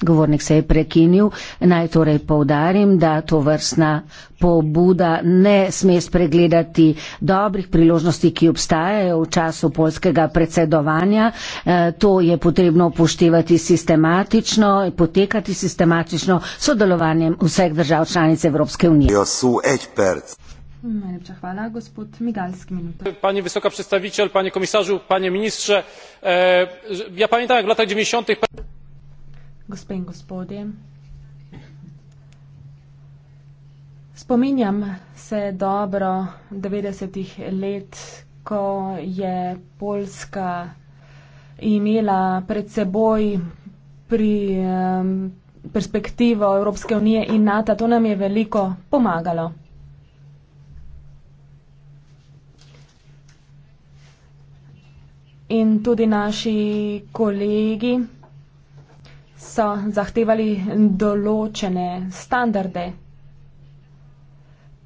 Govornik se je prekinil. Naj torej povdarim, da to vrstna pobuda ne sme spregledati dobrih priložnosti, ki obstajajo v času polskega predsedovanja. E, to je potrebno upoštevati sistematično, potekati sistematično sodelovanjem vseh držav članic Evropske unije. Najlepša hvala, gospod Migalski. Pani visoka predstavitelj, pani komisarju, pani ministrze, e, ja pamiętam, jak v letih 90 gospe in gospodje. Spominjam se dobro 90-ih let, ko je Poljska imela pred seboj pri um, perspektivo Evropske unije in NATO. To nam je veliko pomagalo. In tudi naši kolegi so zahtevali določene standarde.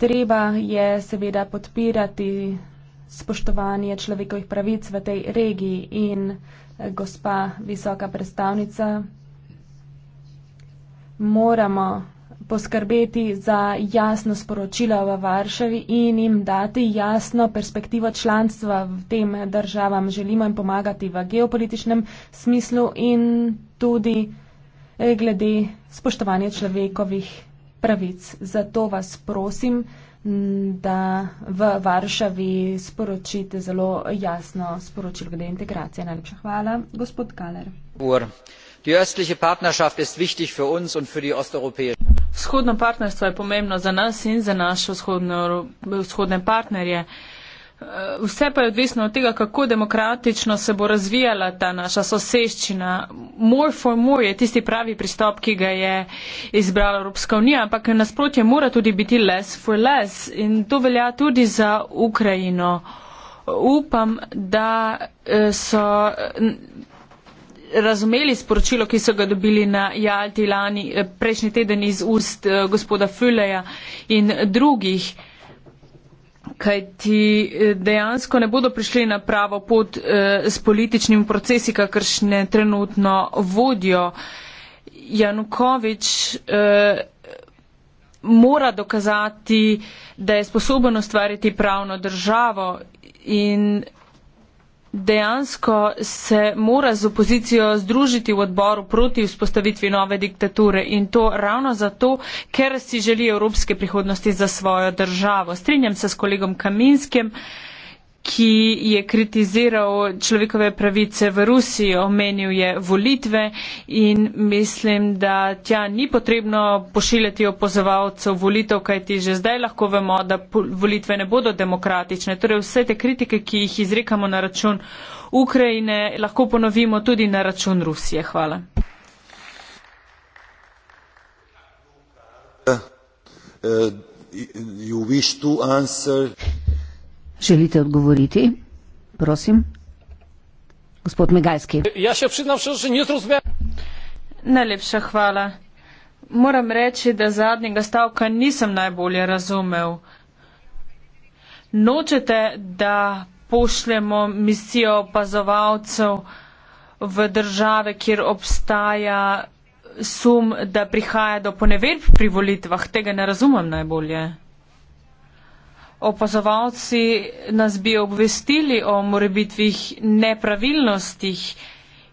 Treba je seveda podpirati spoštovanje človekovih pravic v tej regiji in eh, gospa visoka predstavnica, moramo poskrbeti za jasno sporočilo v Varšavi in jim dati jasno perspektivo članstva v tem državam. Želimo jim pomagati v geopolitičnem smislu in tudi. Eh, glede spoštovanja človekovih pravic. Zato vas prosim, da v Varšavi sporočite zelo jasno sporočilo glede integracije. Najlepša hvala, gospod Kaler. Ur. Vzhodno partnerstvo je pomembno za nas in za naše vzhodne partnerje. Vse pa je odvisno od tega, kako demokratično se bo razvijala ta naša soseščina. More for more je tisti pravi pristop, ki ga je izbrala Evropska unija, ampak nasprotje mora tudi biti less for less in to velja tudi za Ukrajino. Upam, da eh, so razumeli sporočilo, ki so ga dobili na Jalti lani eh, prejšnji teden iz ust eh, gospoda Füleja in drugih kaj ti eh, dejansko ne bodo prišli na pravo pot eh, s političnim procesi, kakršne trenutno vodijo. Janukovič eh, mora dokazati, da je sposoben ustvariti pravno državo in dejansko se mora z opozicijo združiti v odboru proti vzpostavitvi nove diktature in to ravno zato, ker si želi evropske prihodnosti za svojo državo. Strinjam se s kolegom Kaminskim ki je kritiziral človekove pravice v Rusiji, omenil je volitve in mislim, da tja ni potrebno pošiljati opozovalcev volitev, kajti že zdaj lahko vemo, da volitve ne bodo demokratične. Torej vse te kritike, ki jih izrekamo na račun Ukrajine, lahko ponovimo tudi na račun Rusije. Hvala. Uh, uh, you wish to answer? Želite odgovoriti? Prosim. Gospod Megajski. Ja še priznam, še ni zrozumel. Najlepša hvala. Moram reči, da zadnjega stavka nisem najbolje razumel. Nočete, da pošljemo misijo opazovalcev v države, kjer obstaja sum, da prihaja do poneverb pri volitvah. Tega ne razumem najbolje opazovalci nas bi obvestili o morebitvih nepravilnostih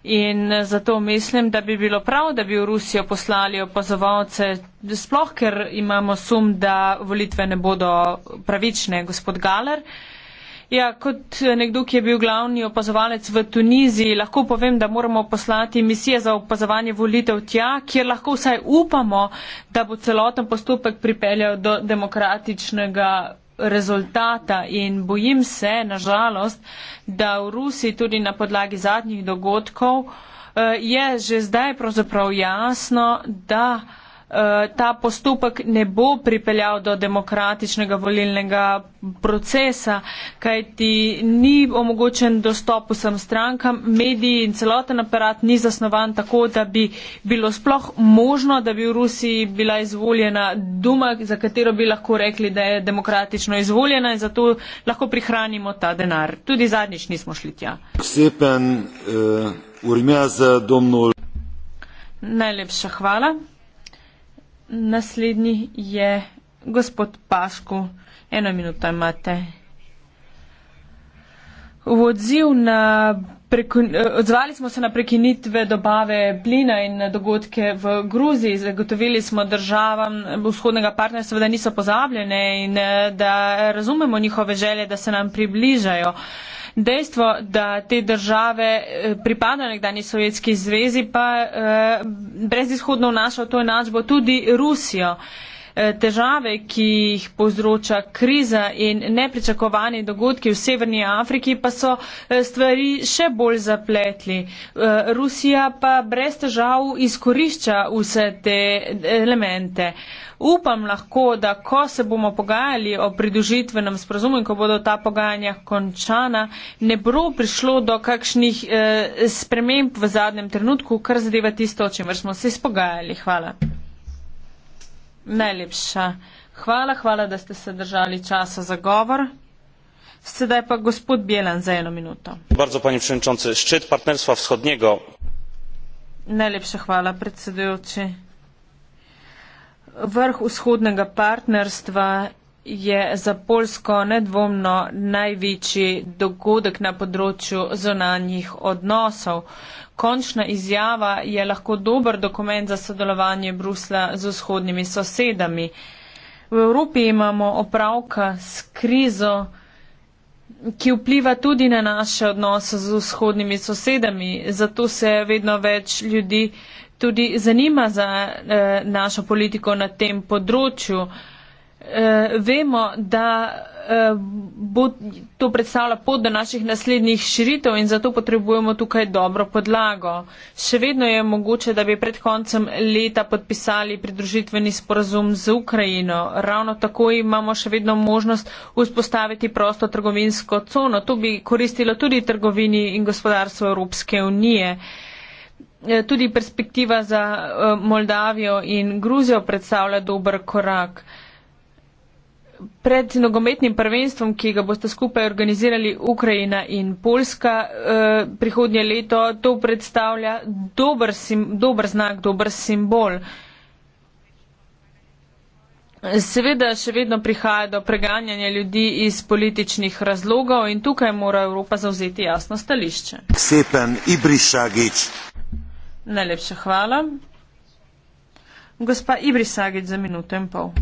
in zato mislim, da bi bilo prav, da bi v Rusijo poslali opazovalce, sploh ker imamo sum, da volitve ne bodo pravične, gospod Galer. Ja, kot nekdo, ki je bil glavni opazovalec v Tuniziji, lahko povem, da moramo poslati misije za opazovanje volitev tja, kjer lahko vsaj upamo, da bo celoten postopek pripeljal do demokratičnega rezultata in bojim se, nažalost, da v Rusiji tudi na podlagi zadnjih dogodkov eh, je že zdaj pravzaprav jasno, da Eh, ta postopek ne bo pripeljal do demokratičnega volilnega procesa, kajti ni omogočen dostop vsem strankam, mediji in celoten aparat ni zasnovan tako, da bi bilo sploh možno, da bi v Rusiji bila izvoljena Duma, za katero bi lahko rekli, da je demokratično izvoljena in zato lahko prihranimo ta denar. Tudi zadnjič nismo šli tja. Eh, Najlepša hvala. Naslednji je gospod Pašku. Eno minuto imate. V odziv na Odzvali smo se na prekinitve dobave plina in dogodke v Gruziji. Zagotovili smo državam vzhodnega partnerstva, da niso pozabljene in eh, da razumemo njihove želje, da se nam približajo. Uh, Dejstvo, da te države eh, pripadajo nekdani Sovjetski zvezi, pa eh, brezizhodno vnaša v to enačbo tudi Rusijo. Eh, težave, ki jih povzroča kriza in nepričakovani dogodki v Severni Afriki, pa so stvari še bolj zapletli. Rusija pa brez težav izkorišča vse te elemente upam lahko, da ko se bomo pogajali o pridružitvenem sporozumu in ko bodo ta pogajanja končana, ne bo prišlo do kakšnih eh, sprememb v zadnjem trenutku, kar zadeva tisto, o čemer smo se spogajali. Hvala. Najlepša. Hvala, hvala, da ste se držali časa za govor. Sedaj pa gospod Bielan za eno minuto. Bardzo, pani przewodniczący, szczyt partnerstwa wschodniego. Najlepša hvala, predsedujoči. Vrh vzhodnega partnerstva je za Polsko nedvomno največji dogodek na področju zonanjih odnosov. Končna izjava je lahko dober dokument za sodelovanje Brusla z vzhodnimi sosedami. V Evropi imamo opravka s krizo, ki vpliva tudi na naše odnose z vzhodnimi sosedami, zato se vedno več ljudi tudi zanima za eh, našo politiko na tem področju. Eh, vemo, da eh, bo to predstavlja pot do naših naslednjih širitev in zato potrebujemo tukaj dobro podlago. Še vedno je mogoče, da bi pred koncem leta podpisali pridružitveni sporazum z Ukrajino. Ravno tako imamo še vedno možnost vzpostaviti prosto trgovinsko cono. To bi koristilo tudi trgovini in gospodarstvo Evropske unije. Eh, Eh, tudi perspektiva za eh, Moldavijo in Gruzijo predstavlja dober korak. Pred nogometnim prvenstvom, ki ga boste skupaj organizirali Ukrajina in Poljska eh, prihodnje leto, to predstavlja dober, sim, dober znak, dober simbol. Seveda še vedno prihaja do preganjanja ljudi iz političnih razlogov in tukaj mora Evropa zauzeti jasno stališče. Najlepša hvala. Gospa Ibris Sagic za minuto in pol.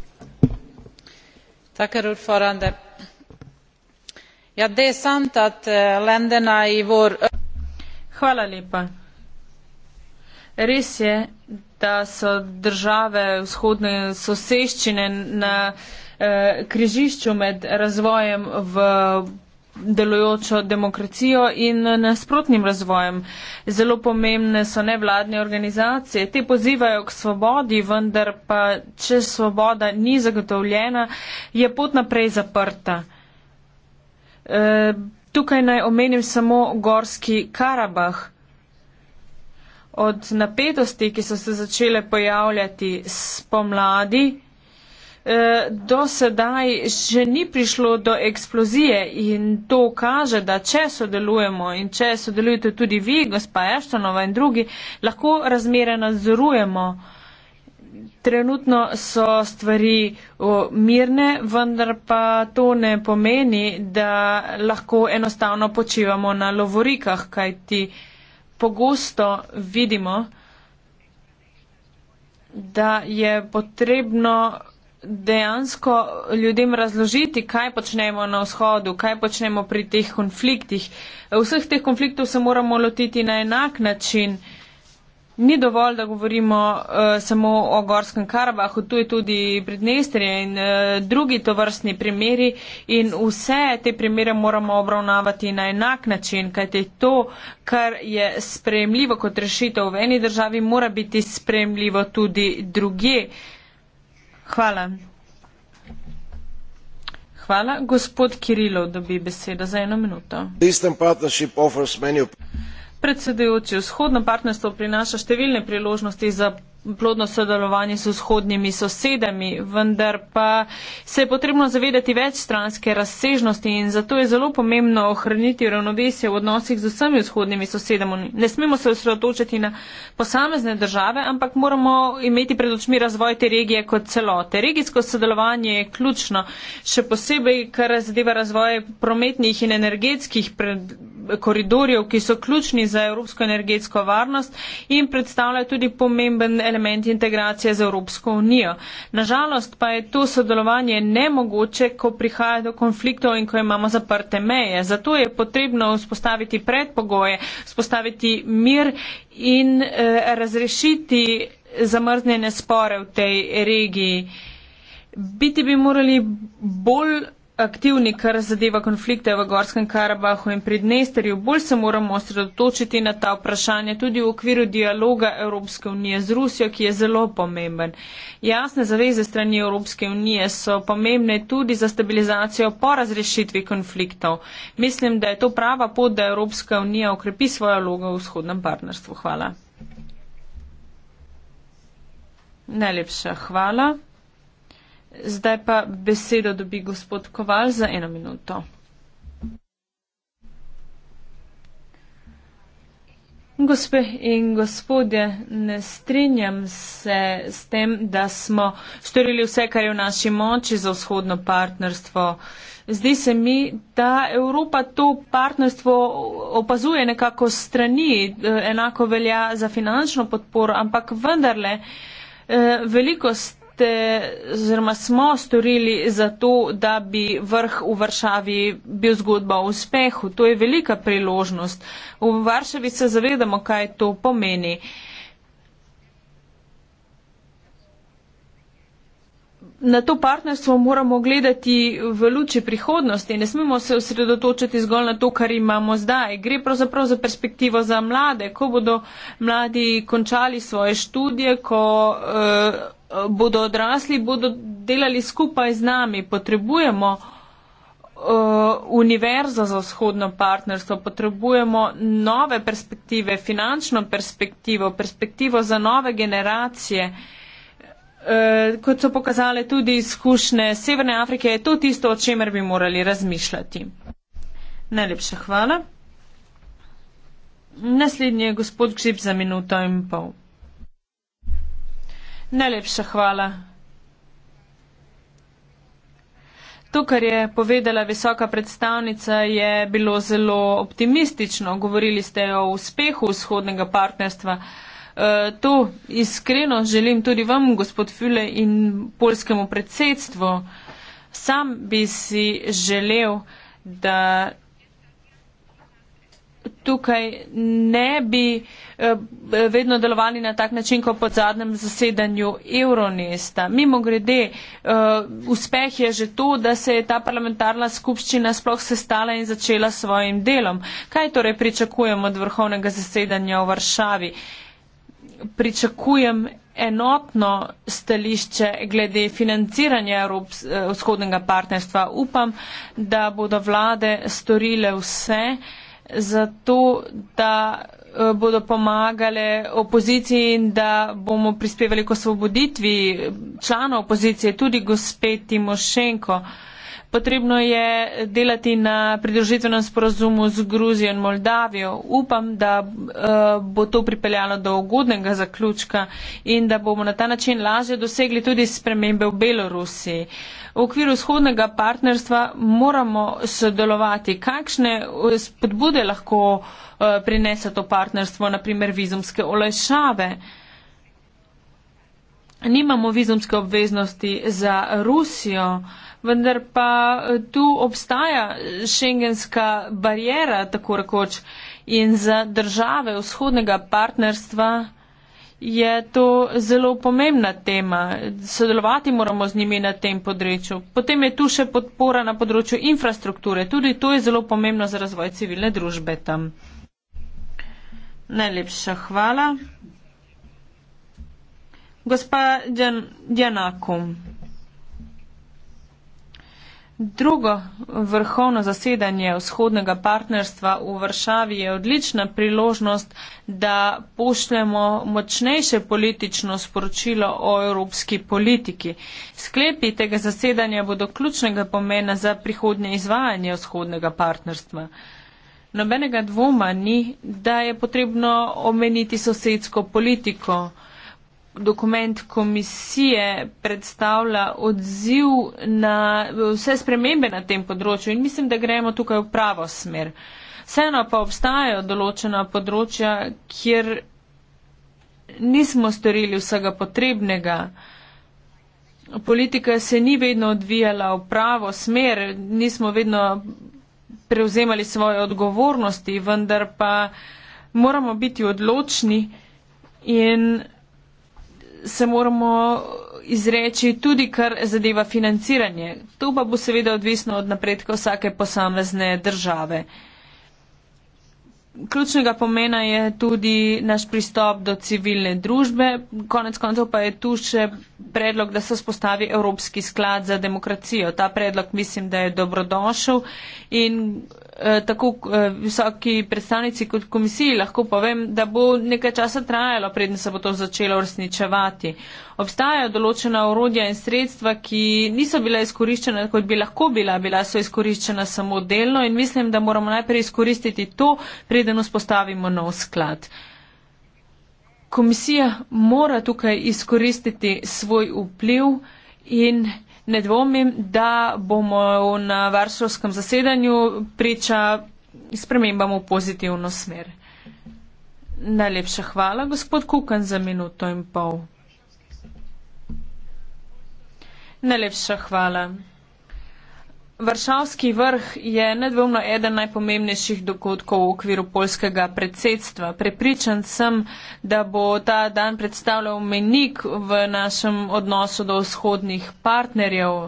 Tackar ordförande. Ja, det är sant att eh, länderna i vår... Hvala lepa. Res je, da so države vzhodne soseščine na eh, križišču med razvojem v delujočo demokracijo in nasprotnim razvojem. Zelo pomembne so nevladne organizacije. Te pozivajo k svobodi, vendar pa, če svoboda ni zagotovljena, je pot naprej zaprta. E, tukaj naj omenim samo Gorski Karabah. Od napetosti, ki so se začele pojavljati spomladi, Eh, do sedaj še ni prišlo do eksplozije in to kaže, da če sodelujemo in če sodelujete tudi vi, gospa Eštonova in drugi, lahko razmere nadzorujemo. Trenutno so stvari mirne, vendar pa to ne pomeni, da lahko enostavno počivamo na lovorikah, kajti pogosto vidimo, da je potrebno dejansko ljudem razložiti, kaj počnemo na vzhodu, kaj počnemo pri teh konfliktih. Vseh teh konfliktov se moramo lotiti na enak način. Ni dovolj, da govorimo uh, samo o Gorskem Karabahu, tu je tudi Prednestrija in uh, drugi tovrstni primeri in vse te primere moramo obravnavati na enak način, kajte to, kar je spremljivo kot rešitev v eni državi, mora biti spremljivo tudi druge. Uh, Hvala. Hvala. Gospod Kirilov dobi besedo za eno minuto. Predsedujoči, vzhodno partnerstvo prinaša številne priložnosti za plodno sodelovanje s vzhodnimi sosedami, vendar pa se je potrebno zavedati več stranske razsežnosti in zato je zelo pomembno ohraniti ravnovesje v odnosih z vsemi vzhodnimi sosedami. Ne smemo se osredotočiti na posamezne države, ampak moramo imeti pred očmi razvoj te regije kot celote. Regijsko sodelovanje je ključno, še posebej, kar zadeva razvoj prometnih in energetskih predmetov koridorjev, ki so ključni za evropsko energetsko varnost in predstavljajo tudi pomemben element integracije z Evropsko unijo. Nažalost pa je to sodelovanje nemogoče, ko prihaja do konfliktov in ko imamo zaprte meje. Zato je potrebno vzpostaviti predpogoje, vzpostaviti mir in eh, razrešiti zamrznjene spore v tej regiji. Biti bi morali bolj aktivni, kar zadeva konflikte v Gorskem Karabahu in Pridnesterju, bolj se moramo osredotočiti na ta vprašanja tudi v okviru dialoga Evropske unije z Rusijo, ki je zelo pomemben. Jasne zaveze strani Evropske unije so pomembne tudi za stabilizacijo po razrešitvi konfliktov. Mislim, da je to prava pot, da Evropska unija okrepi svojo vlogo v vzhodnem partnerstvu. Hvala. Najlepša hvala. Zdaj pa besedo dobi gospod Koval za eno minuto. Gospe in gospodje, ne strinjam se s tem, da smo storili vse, kar je v naši moči za vzhodno partnerstvo. Zdi se mi, da Evropa to partnerstvo opazuje nekako strani, eh, enako velja za finančno podporo, ampak vendarle eh, veliko strani ste oziroma smo storili za to, da bi vrh v Varšavi bil zgodba o uspehu. To je velika priložnost. V Varšavi se zavedamo, kaj to pomeni. Na to partnerstvo moramo gledati v luči prihodnosti. Ne smemo se osredotočiti zgolj na to, kar imamo zdaj. Gre pravzaprav za perspektivo za mlade. Ko bodo mladi končali svoje študije, ko. Uh, bodo odrasli, bodo delali skupaj z nami. Potrebujemo uh, univerzo za vzhodno partnerstvo, potrebujemo nove perspektive, finančno perspektivo, perspektivo za nove generacije. Uh, kot so pokazale tudi izkušnje Severne Afrike, je to tisto, o čemer bi morali razmišljati. Najlepša hvala. Naslednji je gospod Kšip za minuto in pol. Najlepša hvala. To, kar je povedala visoka predstavnica, je bilo zelo optimistično. Govorili ste o uspehu vzhodnega partnerstva. E, to iskreno želim tudi vam, gospod Füle, in polskemu predsedstvu. Sam bi si želel, da tukaj ne bi eh, vedno delovali na tak način, kot po zadnjem zasedanju Euronesta. Mimo grede, eh, uspeh je že to, da se je ta parlamentarna skupščina sploh sestala in začela s svojim delom. Kaj torej pričakujem od vrhovnega zasedanja v Varšavi? Pričakujem enotno stališče glede financiranja eh, vzhodnega partnerstva. Upam, da bodo vlade storile vse, zato, da eh, bodo pomagale opoziciji in da bomo prispevali k osvoboditvi eh, člana opozicije, tudi gospe Timošenko. Uh, Potrebno je delati na pridružitvenem sporazumu z Gruzijo in Moldavijo. Upam, da eh, bo to pripeljalo do ugodnega zaključka in da bomo na ta način lažje dosegli tudi spremembe v Belorusiji. V okviru vzhodnega partnerstva moramo sodelovati. Kakšne eh, spodbude lahko eh, prinese to partnerstvo, naprimer vizumske olajšave? Nimamo vizumske obveznosti za Rusijo vendar pa eh, tu obstaja šengenska barijera, tako rekoč, in za države vzhodnega partnerstva je to zelo pomembna tema. Sodelovati moramo z njimi na tem področju. Potem je tu še podpora na področju infrastrukture. Tudi to je zelo pomembno za razvoj civilne družbe tam. Najlepša hvala. Gospa Djanakum. Dian Drugo vrhovno zasedanje vzhodnega partnerstva v Varšavi je odlična priložnost, da pošljemo močnejše politično sporočilo o evropski politiki. Sklepi tega zasedanja bodo ključnega pomena za prihodnje izvajanje vzhodnega partnerstva. Nobenega dvoma ni, da je potrebno omeniti sosedsko politiko dokument komisije predstavlja odziv na vse spremembe na tem področju in mislim, da gremo tukaj v pravo smer. Vseeno pa obstajajo določena področja, kjer nismo storili vsega potrebnega. Politika se ni vedno odvijala v pravo smer, nismo vedno prevzemali svoje odgovornosti, vendar pa moramo biti odločni in se moramo izreči tudi, kar zadeva financiranje. To pa bo seveda odvisno od napredka vsake posamezne države. Ključnega pomena je tudi naš pristop do civilne družbe, konec koncev pa je tu še predlog, da se spostavi Evropski sklad za demokracijo. Ta predlog mislim, da je dobrodošel in Eh, tako eh, visoki predstavnici kot komisiji lahko povem, da bo nekaj časa trajalo, preden se bo to začelo uresničevati. Obstajajo določena urodja in sredstva, ki niso bila izkoriščena, kot bi lahko bila, bila so izkoriščena samo delno in mislim, da moramo najprej izkoristiti to, preden vzpostavimo nov sklad. Komisija mora tukaj izkoristiti svoj vpliv in ne dvomim, da bomo na varšavskem zasedanju priča spremembam v pozitivno smer. Najlepša hvala, gospod Kukan, za minuto in pol. Najlepša hvala. Varšavski vrh je nedvomno eden najpomembnejših dogodkov v okviru polskega predsedstva. Prepričan sem, da bo ta dan predstavljal menik v našem odnosu do vzhodnih partnerjev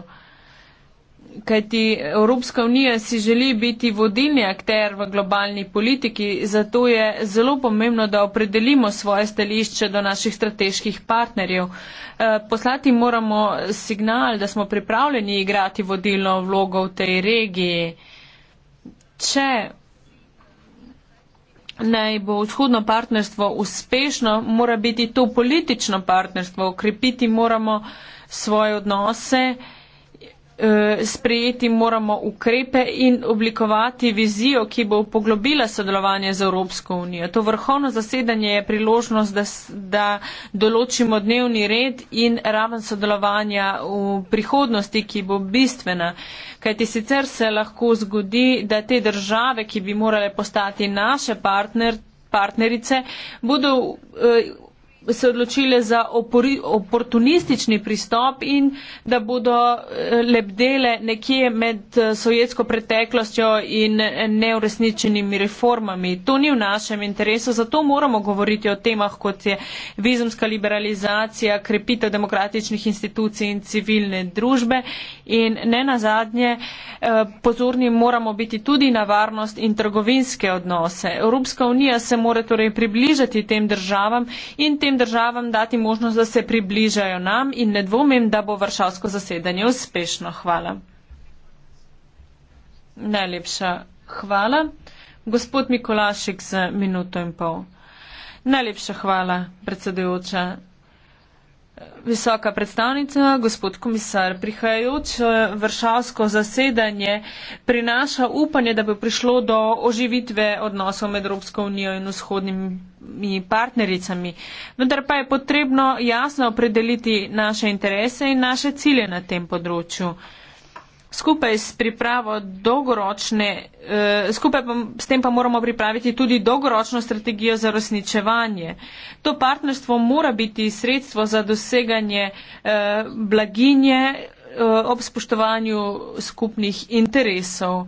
kajti Evropska unija si želi biti vodilni akter v globalni politiki, zato je zelo pomembno, da opredelimo svoje stališče do naših strateških partnerjev. Eh, poslati moramo signal, da smo pripravljeni igrati vodilno vlogo v tej regiji. Če naj bo vzhodno partnerstvo uspešno, mora biti to politično partnerstvo. Okrepiti moramo svoje odnose. Eh, sprejeti moramo ukrepe in oblikovati vizijo, ki bo poglobila sodelovanje z Evropsko unijo. To vrhovno zasedanje je priložnost, da, da določimo dnevni red in raven sodelovanja v prihodnosti, ki bo bistvena. Kajti sicer se lahko zgodi, da te države, ki bi morale postati naše partner, partnerice, bodo. Uh, se odločile za oportunistični pristop in da bodo eh, lebdele nekje med eh, sovjetsko preteklostjo in eh, neuresničenimi reformami. To ni v našem interesu, zato moramo govoriti o temah, kot je vizumska liberalizacija, krepitev demokratičnih institucij in civilne družbe. In ne nazadnje, pozorni moramo biti tudi na varnost in trgovinske odnose. Evropska unija se mora torej približati tem državam in tem drugim državam dati možnost, da se približajo nam in ne dvomim, da bo vršavsko zasedanje uspešno. Hvala. Najlepša hvala. Gospod Mikolašik za minuto in pol. Najlepša hvala, predsedujoča. Visoka predstavnica, gospod komisar, prihajajoč eh, vršavsko zasedanje prinaša upanje, da bo prišlo do oživitve odnosov med Evropsko unijo in vzhodnimi partnericami. Vendar pa je potrebno jasno opredeliti naše interese in naše cilje na tem področju skupaj s pripravo dolgoročne, eh, skupaj s tem pa moramo pripraviti tudi dolgoročno strategijo za rosničevanje. To partnerstvo mora biti sredstvo za doseganje eh, blaginje eh, ob spoštovanju skupnih interesov.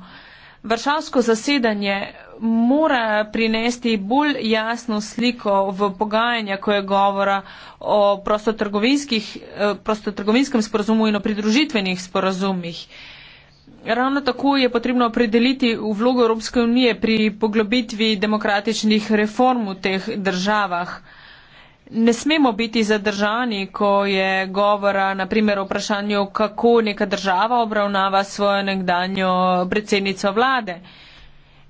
Varšavsko zasedanje mora prinesti bolj jasno sliko v pogajanja, ko je govora o prostotrgovinskem sporazumu in o pridružitvenih sporazumih. Ravno tako je potrebno opredeliti vlogo Evropske unije pri poglobitvi demokratičnih reform v teh državah. Ne smemo biti zadržani, ko je govora naprimer o vprašanju, kako neka država obravnava svojo nekdanjo predsednico vlade.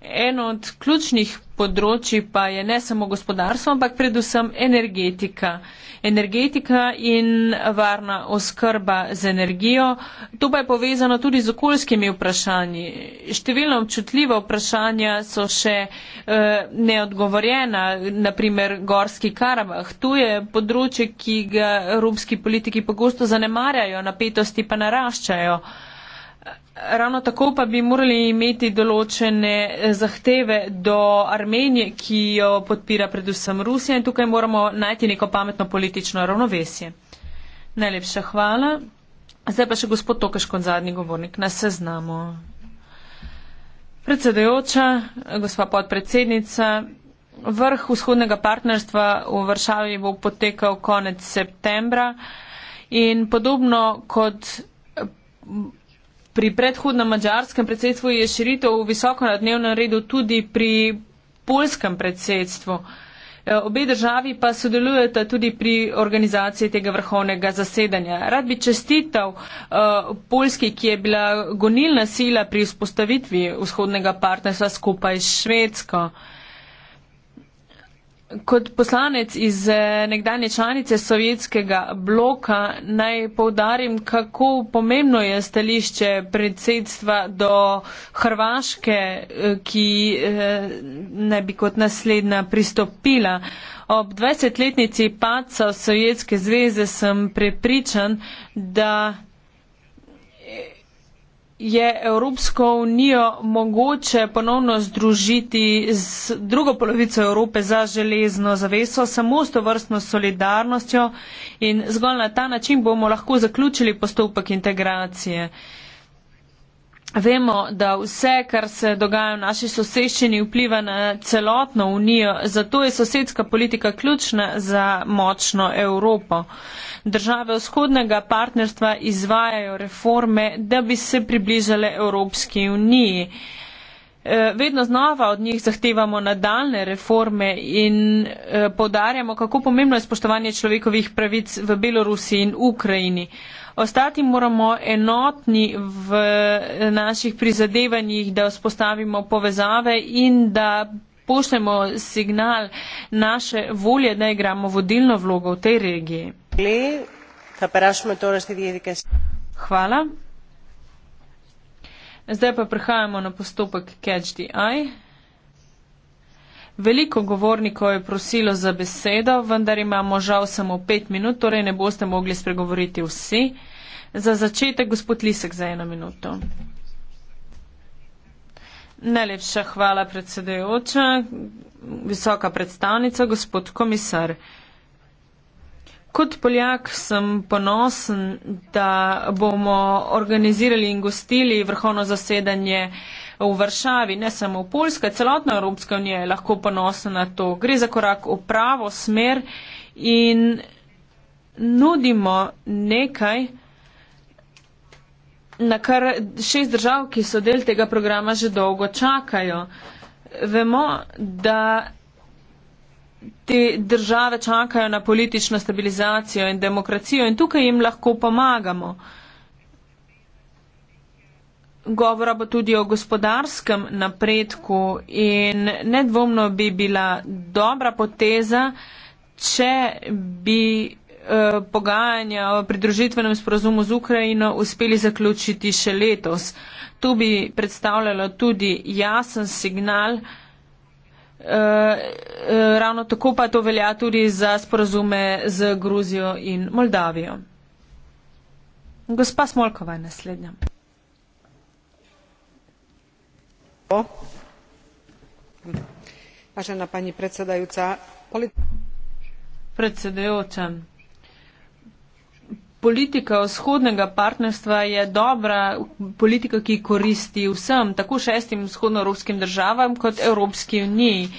Eno od ključnih področji pa je ne samo gospodarstvo, ampak predvsem energetika. Energetika in varna oskrba z energijo. To pa je povezano tudi z okoljskimi vprašanji. Številna občutljiva vprašanja so še e, neodgovorjena, naprimer gorski karavah. Tu je področje, ki ga rumski politiki pogosto zanemarjajo, napetosti pa naraščajo. Ravno tako pa bi morali imeti določene eh, zahteve do Armenije, ki jo podpira predvsem Rusija in tukaj moramo najti neko pametno politično ravnovesje. Najlepša hvala. Zdaj pa še gospod Tokaš kot zadnji govornik na seznamu. Predsedujoča, gospa podpredsednica, vrh vzhodnega partnerstva v Varšavi bo potekal konec septembra in podobno kot pri predhodnem mađarskem predsedstvu je širitev visoko na dnevnem redu tudi pri polskem predsedstvu. E, obe državi pa sodelujete tudi pri organizaciji tega vrhovnega zasedanja. Rad bi čestital uh, e, Polski, ki je bila gonilna sila pri vzpostavitvi vzhodnega partnerstva skupaj s Švedsko. Uh, Kot poslanec iz eh, nekdanje članice sovjetskega bloka naj povdarim, kako pomembno je stališče predsedstva do Hrvaške, eh, ki eh, naj bi kot naslednja pristopila. Ob 20-letnici paca Sovjetske zveze sem prepričan, da je Evropsko unijo mogoče ponovno združiti z drugo polovico Evrope za železno zaveso, samo s to vrstno solidarnostjo in zgolj na ta način bomo lahko zaključili postopek integracije. Uh, Vemo, da vse, kar se dogaja v naši soseščini, vpliva na celotno unijo, zato je sosedska politika ključna za močno Evropo. Države vzhodnega partnerstva izvajajo reforme, da bi se približale Evropski uniji. E, vedno znova od njih zahtevamo nadaljne reforme in e, podarjamo, kako pomembno je spoštovanje človekovih pravic v Belorusiji in Ukrajini. Ostati moramo enotni v naših prizadevanjih, da vzpostavimo povezave in da pošljemo signal naše volje, da igramo vodilno vlogo v tej regiji. Hvala. Zdaj pa prehajamo na postopek catch the eye. Veliko govornikov je prosilo za besedo, vendar imamo žal samo pet minut, torej ne boste mogli spregovoriti vsi. Za začetek, gospod Lisek, za eno minuto. Najlepša hvala, predsedujoča, visoka predstavnica, gospod komisar. Kot Poljak sem ponosen, da bomo organizirali in gostili vrhovno zasedanje eh, v Varšavi, ne samo v Poljska, celotna Evropska unija je lahko ponosna na to. Gre za korak v pravo smer in nudimo nekaj, na kar šest držav, ki so del tega programa, že dolgo čakajo. Vemo, da. Te države čakajo na politično stabilizacijo in demokracijo in tukaj jim lahko pomagamo. Uh, govora pa tudi o gospodarskem napredku in nedvomno bi bila dobra poteza, če bi eh, pogajanja o pridružitvenem sporazumu z Ukrajino uspeli zaključiti še letos. To bi predstavljalo tudi jasen signal, eh, eh ravno tako pa to velja tudi za sporazume z Gruzijo in Moldavijo. Gospa Smolkova je naslednja. predsedujoča podpiram vse ciljane spremembe zakona o finančnem nadzoru politika vzhodnega partnerstva je dobra politika, ki koristi vsem, tako šestim vzhodnoevropskim državam kot Evropski uniji.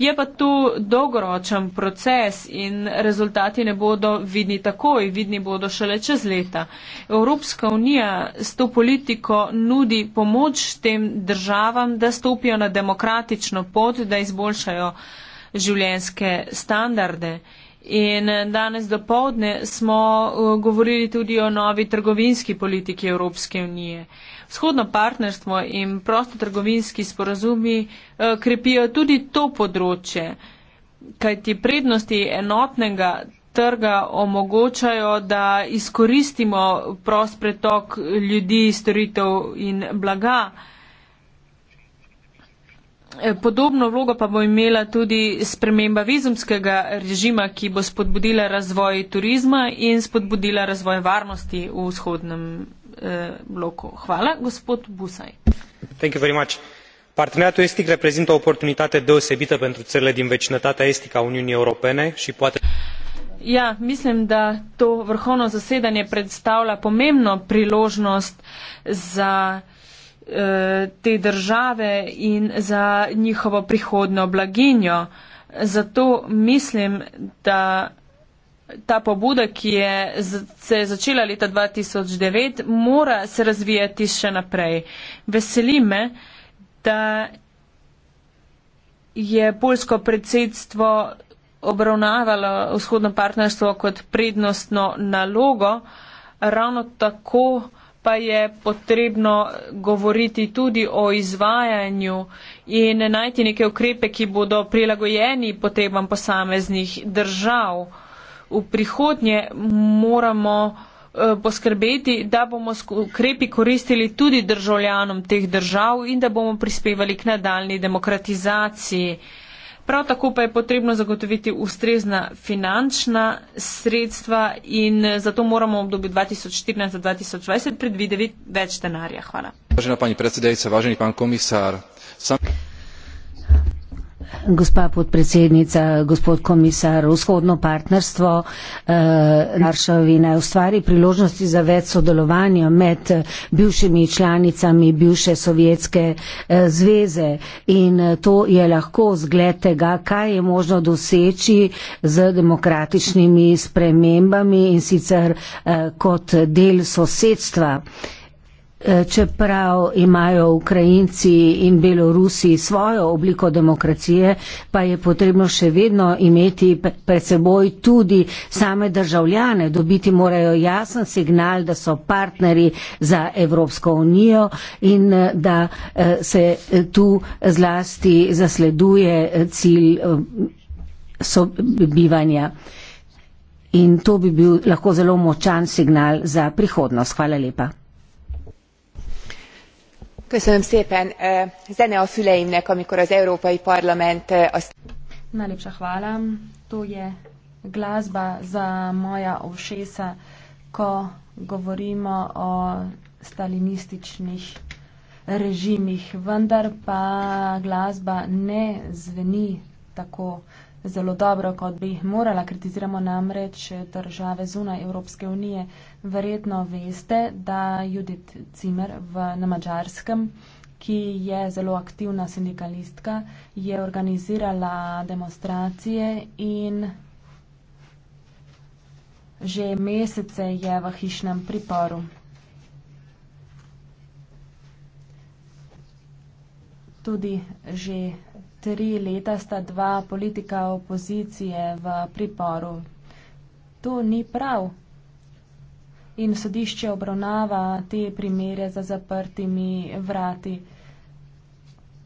Je pa to dolgoročen proces in rezultati ne bodo vidni takoj, vidni bodo šele čez leta. Evropska unija s to politiko nudi pomoč tem državam, da stopijo na demokratično pot, da izboljšajo življenjske standarde. In eh, danes do povdne smo eh, govorili tudi o novi trgovinski politiki Evropske unije. Vzhodno partnerstvo in prostotrgovinski sporazumi eh, krepijo tudi to področje, kajti prednosti enotnega trga omogočajo, da izkoristimo prost pretok ljudi, storitev in blaga. Eh, podobno vlogo pa bo imela tudi sprememba vizumskega režima, ki bo spodbudila razvoj turizma in spodbudila razvoj varnosti v vzhodnem eh, bloku. Hvala, gospod Busaj. Parteneriatul estic reprezintă o oportunitate deosebită pentru țările din vecinătatea estică a Uniunii Europene și poate. Ja, mislim da to vrhovno zasedanje predstavlja pomembno priložnost za za Eh, te države in za njihovo prihodno blaginjo. Zato mislim, da ta pobuda, ki je se je začela leta 2009, mora se razvijati še naprej. Veseli me, da je polsko predsedstvo obravnavalo vzhodno partnerstvo kot prednostno nalogo, ravno tako pa je potrebno govoriti tudi o izvajanju in najti neke ukrepe, ki bodo prilagojeni potrebam posameznih držav. V prihodnje moramo eh, poskrbeti, da bomo ukrepi koristili tudi državljanom teh držav in da bomo prispevali k nadaljni demokratizaciji. Prav tako pa je potrebno zagotoviti ustrezna finančna sredstva in eh, zato moramo v obdobju 2014-2020 predvideti več denarja. Hvala. Vážena pani predsedajca, vážený pán komisár. Sam... Gospa podpredsednica, gospod komisar, vzhodno partnerstvo eh, Varšavina ustvari priložnosti za več sodelovanja med eh, bivšimi članicami bivše sovjetske eh, zveze in eh, to je lahko zgled tega, kaj je možno doseči z demokratičnimi spremembami in sicer eh, kot del sosedstva. Eh, Eh, čeprav imajo Ukrajinci in Belorusi svojo obliko demokracije, pa je potrebno še vedno imeti pred seboj tudi same državljane. Dobiti morajo jasen signal, da so partneri za Evropsko unijo in eh, da eh, se tu zlasti zasleduje cilj sobivanja. In to bi bil lahko zelo močan signal za prihodnost. Hvala lepa najlepša hvala. to je glasba za moja ušesa, ko govorimo o stalinističnih režimih, vendar pa glasba ne zveni tako zelo dobro, kot bi jih morala. Kritiziramo namreč države zunaj Evropske unije. Verjetno veste, da Judith Cimer v, na Mačarskem, ki je zelo aktivna sindikalistka, je organizirala demonstracije in že mesece je v hišnem priporu. Tudi že tri leta sta dva politika opozicije v priporu. To ni prav. In sodišče obravnava te primere za zaprtimi vrati.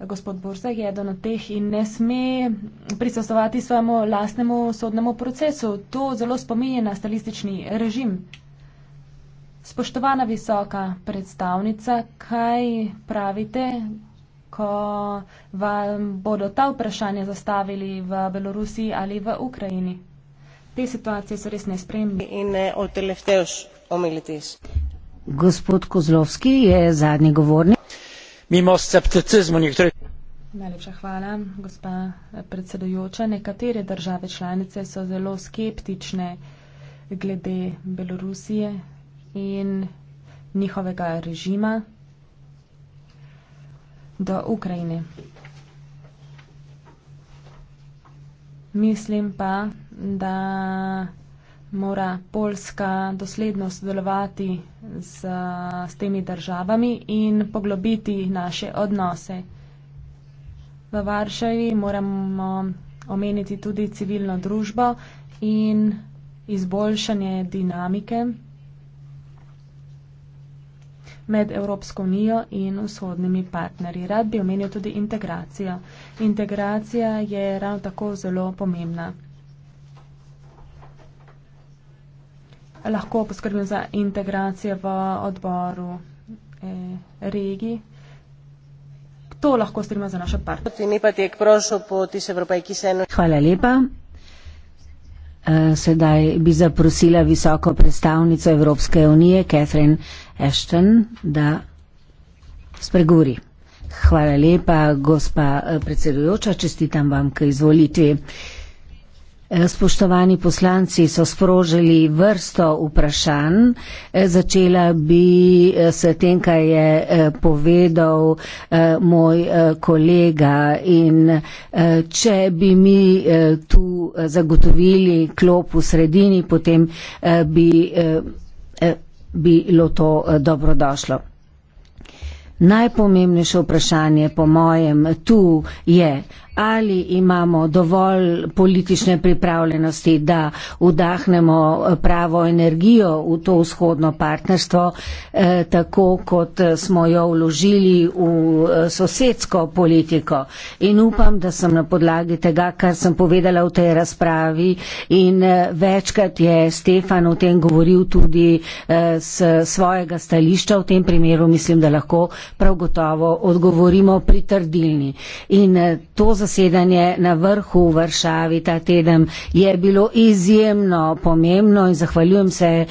Gospod Borzeg je eden od teh in ne sme prisostovati svojemu lastnemu sodnemu procesu. To zelo spominje na stalistični režim. Spoštovana visoka predstavnica, kaj pravite, ko vam bodo ta vprašanja zastavili v Belorusiji ali v Ukrajini. Te situacije so res nespremljive. Eh, Gospod Kozlovski je zadnji govornik. Mimo scepticizmu nekaterih. Najlepša hvala, gospa predsedujoča. Nekatere države članice so zelo skeptične glede Belorusije in njihovega režima do Ukrajine. Mislim pa, da mora Poljska dosledno sodelovati z, s temi državami in poglobiti naše odnose. V Varšavi moramo omeniti tudi civilno družbo in izboljšanje dinamike med Evropsko unijo in vzhodnimi partnerji. Rad bi omenil tudi integracijo. Integracija je ravno tako zelo pomembna. Lahko poskrbim za integracijo v odboru eh, regij. To lahko strima za naše partnerje. Hvala lepa. Eh, sedaj bi zaprosila visoko predstavnico Evropske unije, Catherine Ashton, da spregovori. Hvala lepa, gospa eh, predsedujoča, čestitam vam k izvolitvi. Uh, Eh, spoštovani poslanci so sprožili vrsto vprašanj. Eh, začela bi eh, s tem, kaj je povedal moj kolega. In če bi mi tu zagotovili klop v sredini, potem bi bilo to dobrodošlo. Najpomembnejše vprašanje po mojem tu je, ali imamo dovolj politične pripravljenosti, da vdahnemo eh, pravo energijo v to vzhodno partnerstvo, eh, tako kot eh, smo jo vložili v sosedsko politiko. In upam, da sem na podlagi tega, kar sem povedala v tej razpravi in večkrat je Stefan o tem govoril tudi s svojega stališča, v tem primeru mislim, da lahko prav gotovo odgovorimo pritrdilni. In to za zasedanje na vrhu v Varšavi ta teden je bilo izjemno pomembno in zahvaljujem se eh,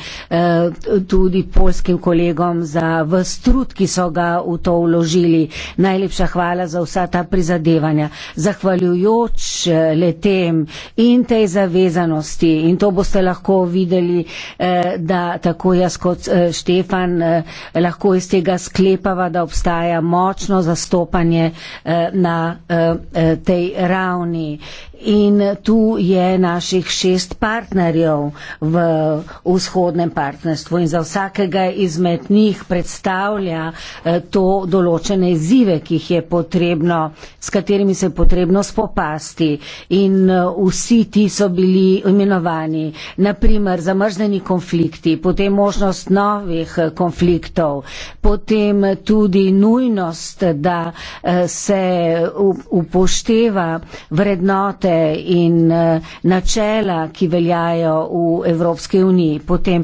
tudi polskim kolegom za vstrud, ki so ga v to vložili. Najlepša hvala za vsa ta prizadevanja. Zahvaljujoč eh, letem in tej zavezanosti in to boste lahko videli, eh, da tako jaz kot Štefan lahko iz tega sklepava, da obstaja močno zastopanje na tej ravni. In tu je naših šest partnerjev v vzhodnem partnerstvu in za vsakega izmed njih predstavlja eh, to določene izzive, ki jih je potrebno, s katerimi se je potrebno spopasti. In eh, vsi ti so bili imenovani, naprimer zamrzneni konflikti, potem možnost novih eh, konfliktov, potem tudi nujnost, da se upošteva upošteva vrednote in eh, načela, ki veljajo v Evropske unije. Potem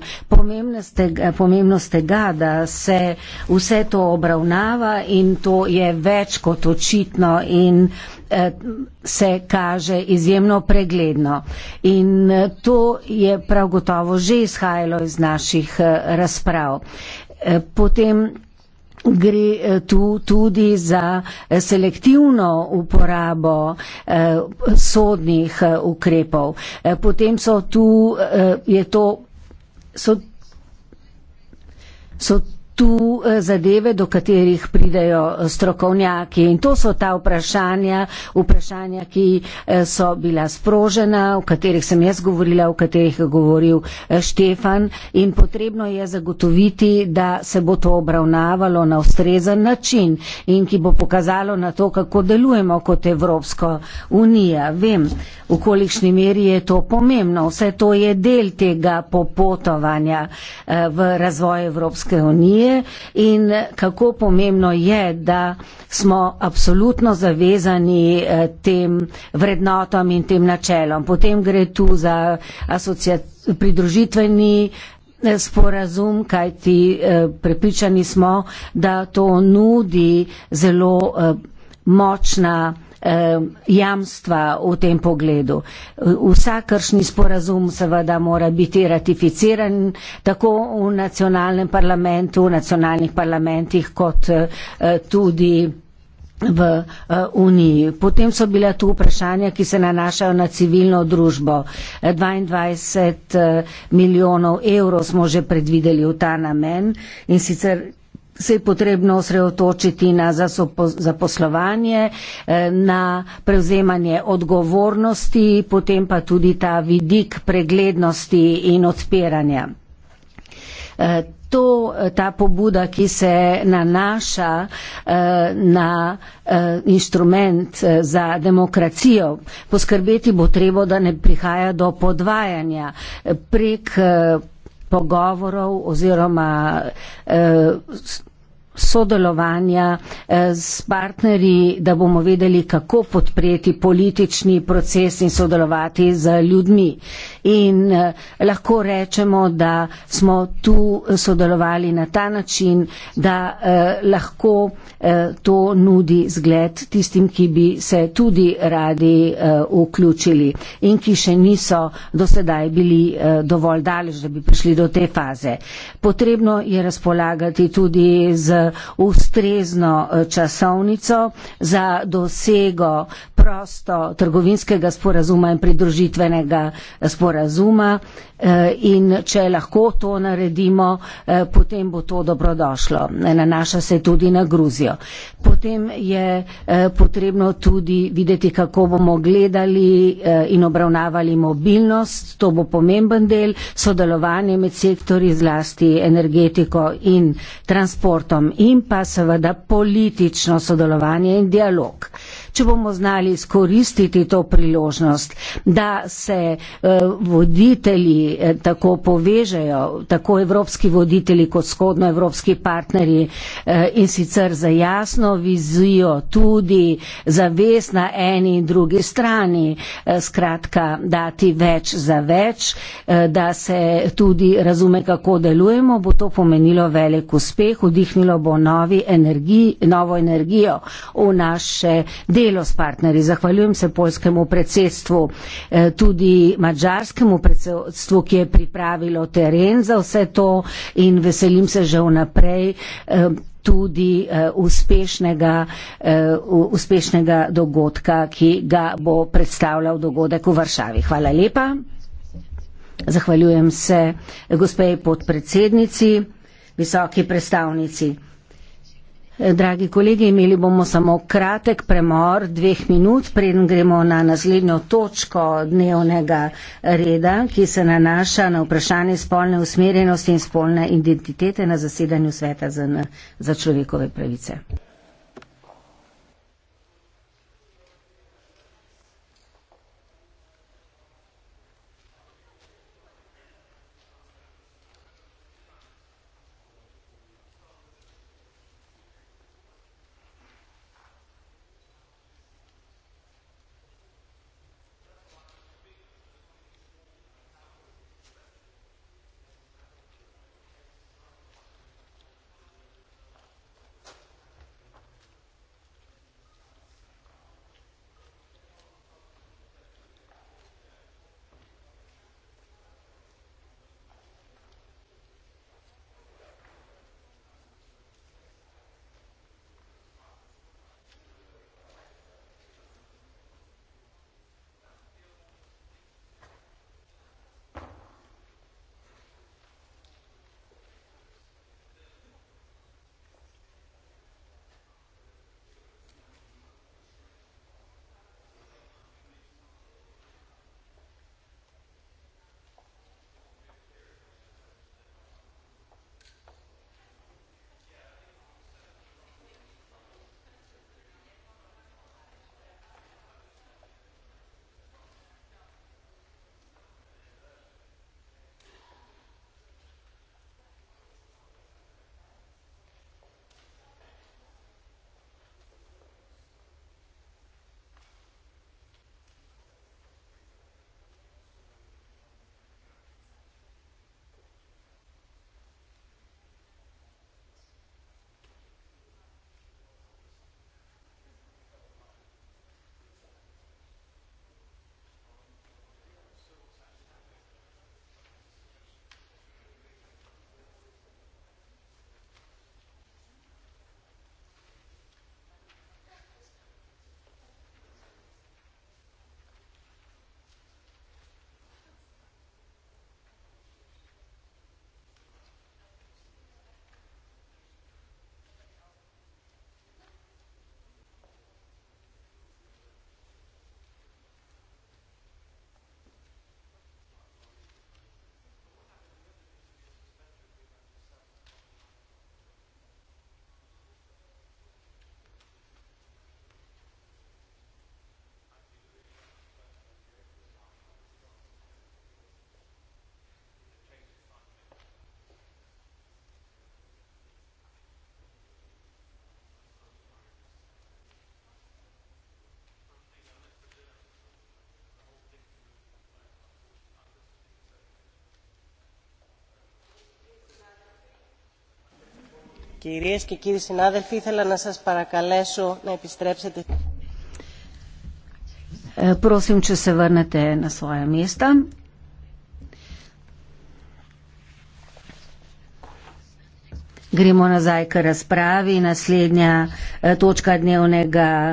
pomembnost tega, da se vse to obravnava in to je več kot očitno in eh, se kaže izjemno pregledno. In eh, to je prav gotovo že izhajalo iz naših razprav. Potem gre eh, tu tudi za eh, selektivno uporabo eh, sodnih ukrepov. Potem so tu, je to, so, so tu eh, zadeve, do katerih pridejo eh, strokovnjaki. In to so ta vprašanja, vprašanja, ki eh, so bila sprožena, o katerih sem jaz govorila, o katerih je govoril Štefan. In potrebno je zagotoviti, da se bo to obravnavalo na ustrezen način in ki bo pokazalo na to, kako delujemo kot Evropsko unija. Vem, v kolikšni meri je to pomembno. Vse to je del tega popotovanja v razvoj Evropske unije unije in kako pomembno je, da smo absolutno zavezani eh, tem vrednotam in tem načelom. Potem gre tu za pridružitveni eh, sporazum, kajti eh, prepričani smo, da to nudi zelo močna eh, jamstva v tem pogledu. Vsakršni sporazum seveda mora biti ratificiran tako v nacionalnem parlamentu, v nacionalnih parlamentih, kot eh, tudi v eh, Uniji. Potem so bila tu vprašanja, ki se nanašajo na civilno družbo. 22 eh, eh, milijonov evrov smo že predvideli v ta namen in sicer se je potrebno osredotočiti na zaposlovanje, eh, na prevzemanje odgovornosti, potem pa tudi ta vidik preglednosti in odpiranja. Eh, to, eh, ta pobuda, ki se nanaša na inštrument za demokracijo, poskrbeti bo treba, da ne prihaja do podvajanja prek pogovorov oziroma eh, sodelovanja eh, s partnerji, da bomo vedeli, kako podpreti politični proces in sodelovati z ljudmi. In eh, lahko rečemo, da smo tu sodelovali na ta način, da eh, lahko to nudi zgled tistim, ki bi se tudi radi vključili in ki še niso dosedaj bili dovolj daleč, da bi prišli do te faze. Potrebno je razpolagati tudi z ustrezno eh, časovnico za dosego prosto trgovinskega sporazuma in pridružitvenega eh, sporazuma. Eh, in če lahko to naredimo, eh, potem bo to dobrodošlo. Nanaša se tudi na Gruzijo. Potem je eh, potrebno tudi videti, kako bomo gledali in obravnavali mobilnost. To bo pomemben del sodelovanja med sektori zlasti energetiko in transportom in pa seveda politično sodelovanje in dialog če bomo znali skoristiti to priložnost, da se eh, voditelji eh, tako povežejo, tako evropski voditelji kot skodnoevropski partnerji eh, in sicer za jasno vizijo tudi zaves na eni in drugi strani, skratka dati več za več, da se tudi razume, kako delujemo, bo to pomenilo velik uspeh, vdihnilo bo energiji, novo energijo v naše delo delo s partnerji. Zahvaljujem se poljskemu predsedstvu, eh, tudi mačarskemu predsedstvu, ki je pripravilo teren za vse to in veselim se že vnaprej eh, tudi eh, uspešnega, uspešnega dogodka, ki ga bo predstavljal dogodek v Varšavi. Hvala lepa. Zahvaljujem se gospej podpredsednici, visoki predstavnici. Dragi kolegi, imeli bomo samo kratek premor, dveh minut, preden gremo na naslednjo točko dnevnega reda, ki se nanaša na vprašanje spolne usmerjenosti in spolne identitete na zasedanju sveta za, za človekove pravice. Κυρίες και κύριοι συνάδελφοι, ήθελα να σας παρακαλέσω να επιστρέψετε. Πρόσιμ, και σε βέρνετε ένα σωρά μίστα. Gremo nazaj k razpravi. Naslednja točka dnevnega